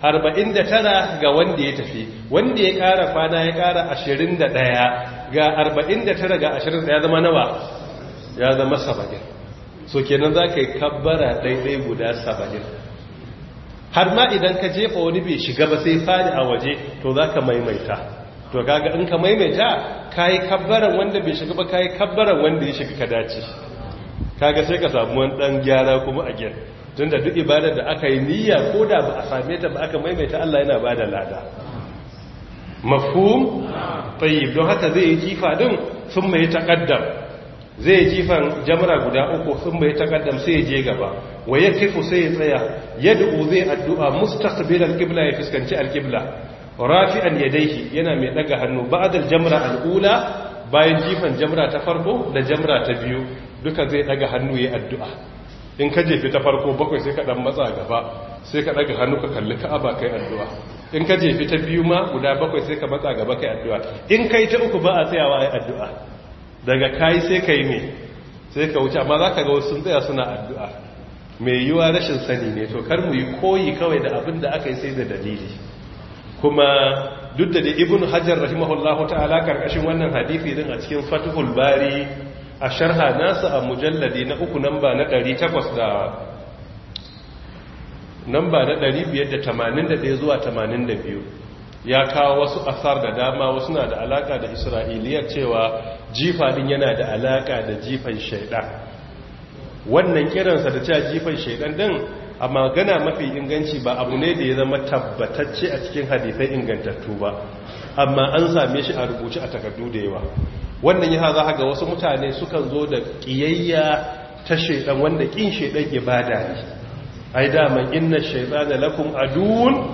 arba'in da tara ga wanda ya tafi wanda ya kara kwana ya kara ashirin da daya ga arba'in da tara ga ashirin da ya zama nawa ya zama saba'in so kenan za ka yi kabbara daidai guda saba'in har ma idan ka jefa wani bai shiga ba sai fadi a waje to za ka maimaita to kaga in ka maimaita ka yi kabbaran wanda bai shiga ba ka yi kabbaran wanda ya shiga ka dace kaga sai ka samu wani dan gyara kuma a tun da duk ibadar da aka yi niyya ko da ba a same ta ba aka maimaita Allah yana bada lada mafhum tayyib don haka zai yi jifa din sun mai taqaddam zai yi jifan jamra guda uku sun mai taqaddam sai ya je gaba wa yakifu sai ya tsaya yad'u zai addu'a mustaqbil al-qibla ya fuskanci al-qibla rafi'an yadayhi yana mai daga hannu ba'dal jamra al-ula bayan jifan jamra ta farko da jamra ta biyu duka zai daga hannu ya addu'a in ka jefi ta farko bakwai sai ka ɗan matsa gaba sai ka daga hannu ka kalli ka ba kai addu'a in ka jefi ta biyu ma guda bakwai sai ka matsa gaba kai addu'a in kai ta uku ba a tsayawa ya addu'a daga kayi sai ka yi ne sai ka wuce amma ka ga wasu tsaya suna addu'a mai yiwa rashin sani ne to kar mu yi koyi kawai da abin da aka yi sai da dalili kuma duk da da ibn hajar rahimahullahu ta'ala karkashin wannan hadisi din a cikin fathul bari a sharha nasa a mujalladi na uku namba na 800 da namba na 581 zuwa 82 ya kawo wasu asar da dama wasu na da alaka da isra'iliyar cewa jifa din yana da alaka da jifan shaidan wannan kiransa da cewa jifan shaidan din a magana mafi inganci ba abu ne da ya zama tabbatacce a cikin hadisai ingantattu ba amma an same shi a rubuce a takardu da yawa wannan yana za ga wasu mutane sukan zo da ƙiyayya ta shaidan wanda ƙin shaidan ibada ne ai dama inna shaidana lakum aduun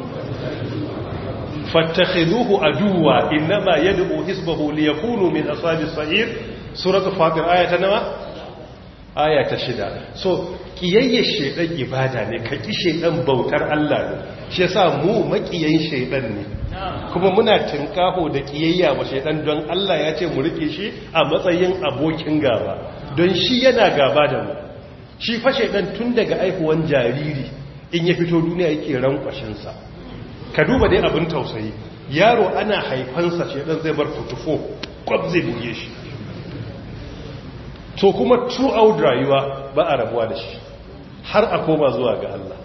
fattakhiduhu aduwa ba yad'u hisbahu liyakunu min ashabis sa'ir suratul fatir ayatan nawa aya ta shida so kiyayye shedan ibada ne ka ƙi shedan bautar Allah ne shi yasa mu makiyayen shedan ne kuma muna tinkaho da kiyayya ba shedan don Allah ya ce mu rike shi a matsayin abokin gaba don shi yana gaba da mu shi fa shedan tun daga aihuwan jariri in ya fito duniya yake rankwashinsa sa ka duba dai abin tausayi yaro ana haifansa shedan zai bar kutufo kwab zai buge shi to kuma throughout rayuwa ba a rabuwa da shi har a koma zuwa ga Allah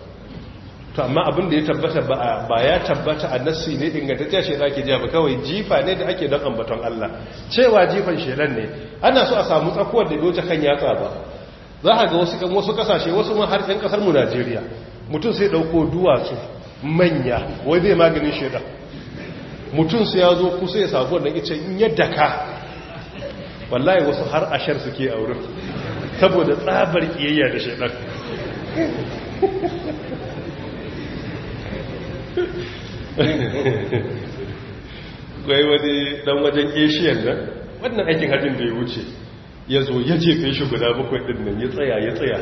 to amma abin da ya tabbata ba ya tabbata a nasi ne ingantacciya shaidan ake jiya ba kawai jifa ne da ake don ambaton Allah cewa jifan shedan ne ana so a samu tsakuwar da doce kan yatsa ba za a ga wasu kan wasu kasashe wasu mun har 'yan kasar mu Najeriya mutum sai dauko duwatsu manya wai zai maganin shedan mutum sai ya zo kusa ya sabuwar da ita in ya daka wallahi wasu har ashar suke a wurin saboda tsabar kiyayya da shaidar kwaye wani dan wajen asian da wannan aikin hajjin da ya wuce ya zo ya fi shi guda bakwai din nan ya tsaya ya tsaya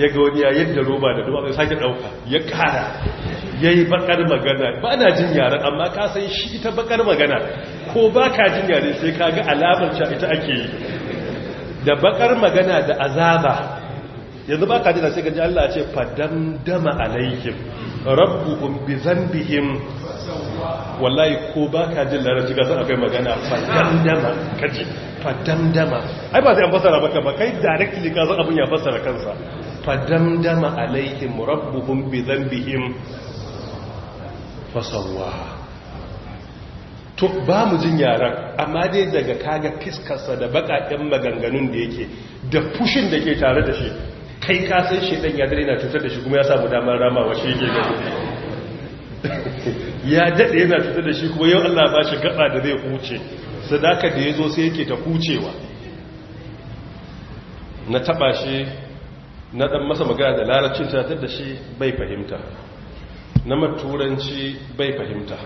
ya ga wani yayin da roba da duwatsu sake dauka ya kara ya yi bakar magana ba na jin yaren amma kasan shi ta bakar magana ko ba ka jin yare sai ka ga alamar cewa ita ake yi da bakar magana da azaba yanzu ba ka jina sai gaji Allah ce dama alaikim rabbuhum bi zambihim wallahi ko ba ka jin larabci ga san akwai magana dama kaji dama ai ba sai an fassara baka ba kai directly ka san abin ya fassara kansa dama alaikim rabbuhum bi zambihim fasawwa to ba mu jin yaran amma dai daga kaga fiskarsa da bakaken maganganun da yake da fushin da ke tare da shi kai ka san dan ya dare na cutar da shi kuma ya samu damar ramawa shi yake gaba ya dade yana cutar da shi kuma yau Allah ba shi gaba da zai huce sadaka da yazo sai yake ta hucewa na taba shi na dan masa magana da lalacin tutar da shi bai fahimta na maturanci bai fahimta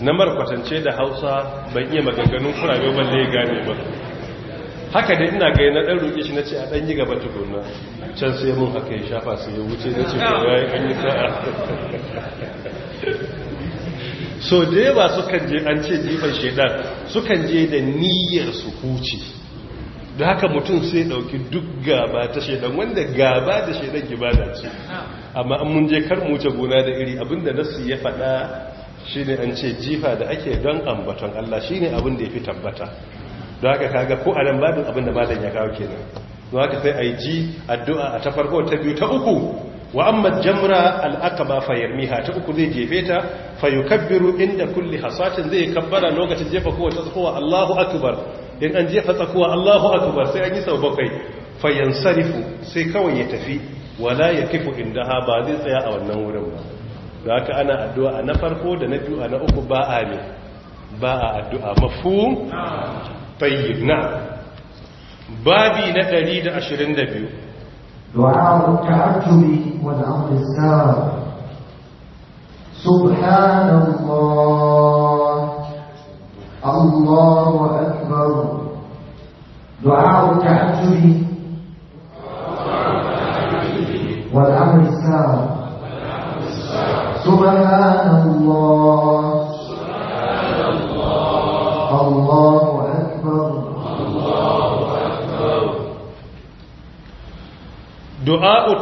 na markwatance da hausa ban iya maganganun kurabe balle ya gane ba haka da ina gaya na ɗan roƙe shi na ce a ɗan yi gaba tukuna can sai mun haka ya shafa su ya wuce na ce kuma ya yi sa'a so da yawa sukan je an ce jifan shaidan sukan je da niyyar su huce da haka mutum sai ɗauki duk gaba ta shaidan wanda gaba da shaidan gibada ce amma an munje je kar mu wuce gona da iri abinda nasu ya faɗa shi ne an ce jifa da ake don ambaton Allah shi ne abin da ya fi tabbata don haka kaga ko a nan babin abin da malam ya kawo kenan don haka sai a yi ji addu'a a ta farko ta biyu ta uku wa amma jamra fayar miha ta uku zai jefe ta kabbiru inda kulli hasatin zai kabbara lokacin jefa ta tsakowa Allahu akbar in an jefa tsakowa Allahu akbar sai an yi sau bakwai fayan sarifu sai kawai ya tafi wala ya kifu ha ba zai tsaya a wannan wurin ba da haka ana addu'a na farko da na biyu a na uku ba a ne ba a addu'a mafu tayyib na babi na 122 du'a ta'ajjubi wal amr as Allah, subhanallah الله أكبر دعاء Du'a'u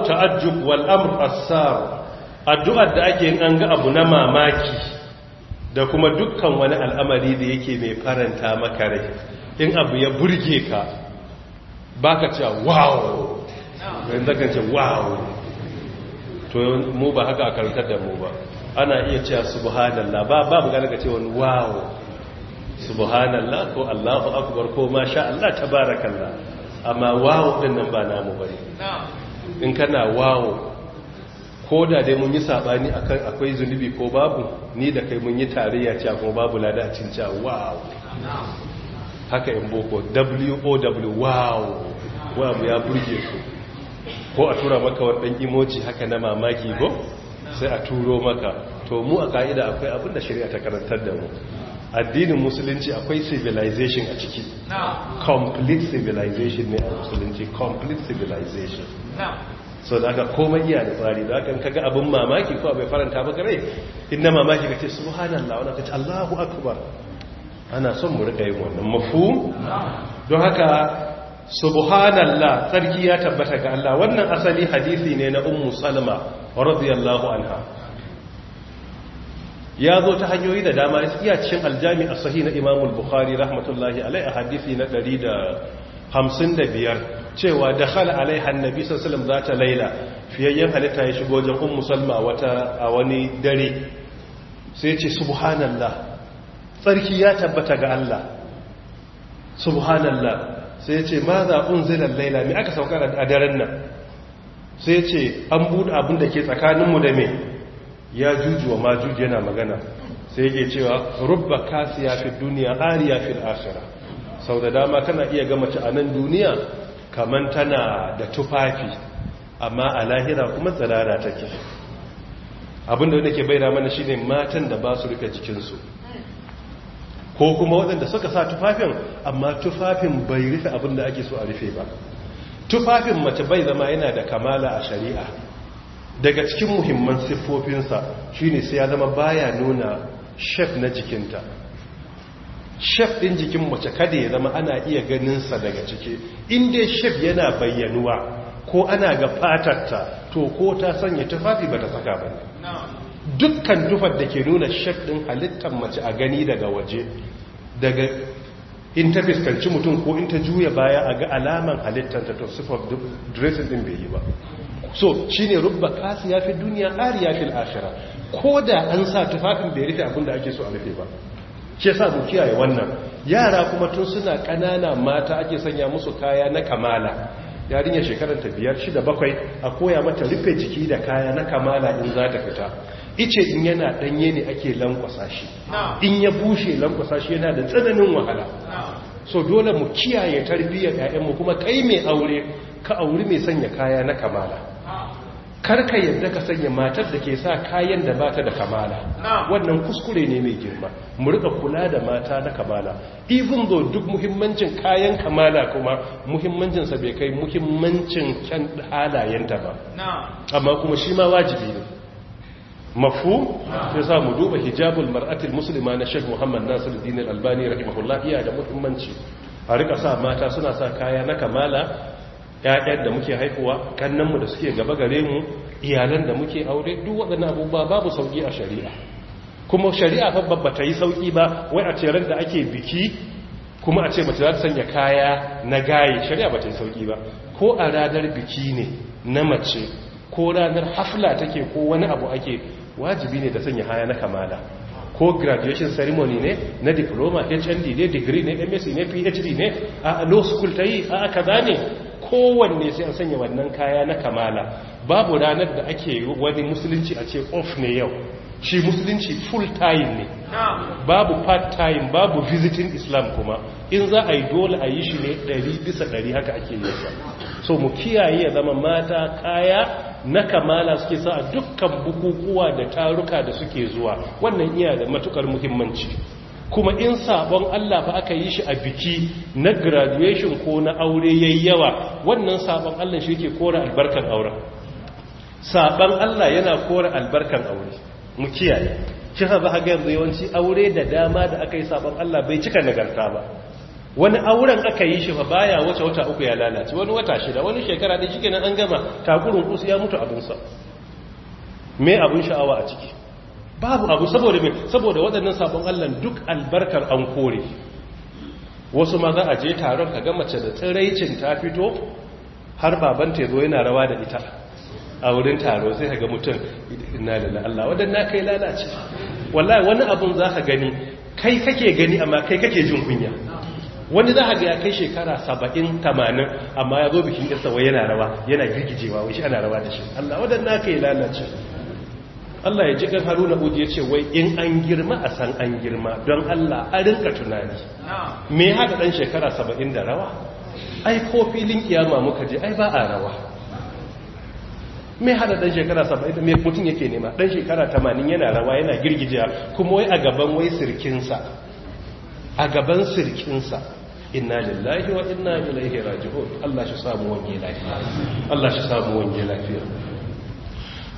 ta'ajjub سبحان الله الله da ake yin an ga abu na mamaki da kuma dukkan wani al'amari da yake mai faranta maka rai in abu ya burge ka baka cewa wow yanzu kan ce wow to mu ba haka a karantar da mu ba ana iya cewa subhanallah ba ba magana ga cewa wow subhanallah ko allahu akbar ko sha Allah tabarakallah amma wow din nan ba namu bane in kana wow ko da dai mun yi sabani akan akwai zunubi ko babu ni da kai mun yi tarayya cewa kuma babu lada a cin cewa wow haka in boko w o w wow wow ya burge su ko a tura maka ɗan imoci haka na mamaki ko sai a turo maka to mu a ka'ida akwai abin da shari'a ta karantar da mu addinin musulunci akwai civilization a ciki complete civilization ne a musulunci complete civilization so da aka koma iya da tsari da aka kaga abin mamaki ko bai faranta maka rai inda mamaki kace subhanallah wala kace Allahu akbar ana son mu rika yin wannan mafu don haka subhanallah sarki ya tabbata ga Allah wannan asali hadisi ne na ummu salma radiyallahu anha ya zo ta hanyoyi da dama iya cikin aljami a sahi na al bukhari rahmatullahi alai a hadisi na 155 cewa da khala alai hannabi sallallahu za ta laila fiyayyen halitta ya shigo wajen ummu salma wata a wani dare sai ce subhanallah tsarki ya tabbata ga Allah subhanallah sai ce ma za unzila laila me aka sauka a daren nan sai ce an buɗe abin da ke tsakaninmu da mai ya juju wa majuju yana magana sai ke cewa rubba ya fi duniya ari ya fi ashira sau da dama kana iya gama ci a nan duniya kaman tana da tufafi amma a lahira kuma tsirara take abinda wanda ke bayyana mana shine matan da ba su rika jikinsu ko kuma waɗanda suka sa tufafin amma tufafin bai rufe abin da ake so a rufe ba tufafin mace bai zama yana da kamala a shari'a daga cikin muhimman siffofinsa shine sai ya zama baya nuna shef na jikinta shef ɗin jikin mace kada ya zama ana iya ganinsa daga ciki inda shef yana bayyanuwa ko ana ga fatarta to ko ta sanya tufafi ba ta saka ba dukkan dufar da ke nuna shek ɗin halittar mace a gani daga waje daga in ta fiskanci mutum ko in ta juya baya a ga alaman halittar ta to sifar dressing ɗin bai yi ba so shi ne rubba kasi ya fi duniya ƙari ya fi al'ashira ko da an sa tufafin bai rufe abinda ake so a rufe ba ke sa mu kiyaye wannan yara kuma tun suna ƙanana mata ake sanya musu kaya na kamala yarinya shekarar ta biyar shida bakwai a koya mata rufe jiki da kaya na kamala in za ta fita ice in yana danye ne ake lankwasa shi in ya bushe lankwasa shi yana da tsananin wahala so dole mu kiyaye tarbiyyar ƴaƴanmu kuma kai mai aure ka auri mai sanya kaya na kamala karka yadda ka sanya matar da ke sa kayan da bata da kamala wannan kuskure ne mai girma mu rika kula da mata na kamala even though duk muhimmancin kayan kamala kuma muhimmancinsa bai kai muhimmancin kyan halayenta ba amma kuma shi ma wajibi ne mafu ya sa mu duba hijabul mar'atul muslima na Sheikh Muhammad Nasiruddin Al-Albani rahimahullah iya da muhimmanci a rika sa mata suna sa kaya na kamala ƴaƴan da muke haihuwa kannan mu da suke gaba gare mu iyalan da muke aure duk waɗannan abubuwa babu sauki a shari'a kuma shari'a fa babba ta yi sauki ba wai a ce ran da ake biki kuma a ce mace za ta sanya kaya na gaye shari'a ba ta yi sauki ba ko a ranar biki ne na mace ko ranar hafla take ko wani abu ake wajibi ne da sanya haya na kamala ko graduation ceremony ne na diploma hnd ne degree ne msc ne phd ne a law school ta yi a kaza ne kowanne sai an sanya wannan kaya na kamala babu ranar da ake wani musulunci a ce off ne yau shi musulunci full time ne babu part time babu visiting islam kuma in za a yi dole a yi shi ne 100 bisa 100 haka ake yi so mu kiyaye ya zama mata kaya na kamala suke sa a dukkan bukukuwa da taruka da suke zuwa wannan iya da matukar muhimmanci kuma in sabon Allah fa aka yi shi a biki na graduation ko na aure yayyawa wannan sabon Allah shi yake kora albarkan aure sabon Allah yana kora albarkan aure mu kiyaye kika ba ga yanzu yawanci aure da dama da aka yi sabon Allah bai cika nagarta ba wani auren aka yi shi fa baya wata wata uku ya lalace wani wata shida wani shekara da shikenan an gama takurin kusa ya mutu abin sa me abin sha'awa a ciki babu abu saboda me saboda waɗannan sabon Allah duk albarkar an kore wasu ma za a je taron ka ga mace da tsiraicin ta fito har baban ta zo yana rawa da ita a wurin taro sai ka ga mutum inna lillahi Allah wadannan kai lalace wallahi wani abun za ka gani kai kake gani amma kai kake jin kunya wani za a ga ya kai shekara saba'in tamanin amma ya zo bikin ƙasa wai yana rawa yana girgijewa wai shi ana rawa da shi Allah waɗanda aka yi lalace Allah ya ji kan haruna uji ya ce wai in an girma a san an girma don Allah a rinka tunani me haka ɗan shekara saba'in da rawa ai ko filin kiyama muka je ai ba a rawa me hada ɗan shekara saba'in da me mutum yake nema ɗan shekara tamanin yana rawa yana girgijiya kuma wai a gaban wai sirkinsa a gaban sirkinsa inna lillahi wa inna ilaihi raji'un Allah shi samu wange lafiya Allah shi samu wange lafiya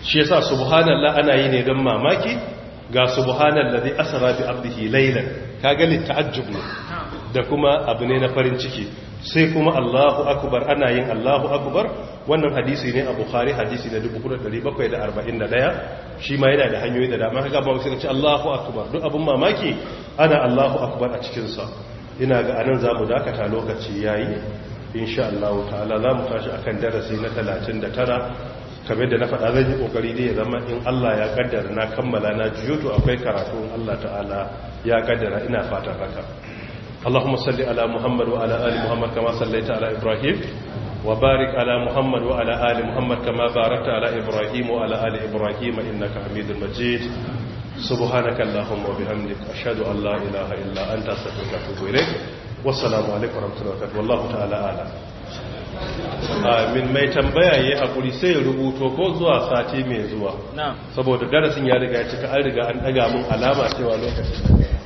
shi yasa subhanallah ana yi ne don mamaki ga subhanallazi asra bi abdihi laylan kaga litta'ajjub ne da kuma abu ne na farin ciki sai kuma Allahu akubar ana yin Allahu akubar wannan hadisi ne a Bukhari hadisi na 1741 shi ma yana da hanyoyi da dama kaga ba sai ci Allahu akubar duk abin mamaki ana Allahu akubar a cikin sa ina ga anan zamu dakata lokaci yayi insha Allahu ta'ala zamu tashi a kan darasi na 39 kamar da na faɗa zan yi kokari dai ya zama in Allah ya kaddara na kammala na jiyo akwai karatu Allah ta'ala ya kaddara ina fatan haka اللهم صل على محمد وعلى آل محمد كما صليت على إبراهيم وبارك على محمد وعلى آل محمد كما باركت على إبراهيم وعلى آل إبراهيم إنك حميد مجيد سبحانك اللهم وبحمدك أشهد أن لا إله إلا أنت أستغفرك وأتوب إليك والسلام عليكم ورحمة الله وبركاته والله تعالى أعلم min mai tambaya ya hakuri sai ya rubuto ko zuwa sati mai zuwa saboda darasin ya riga cika an riga an daga mun alama cewa lokacin da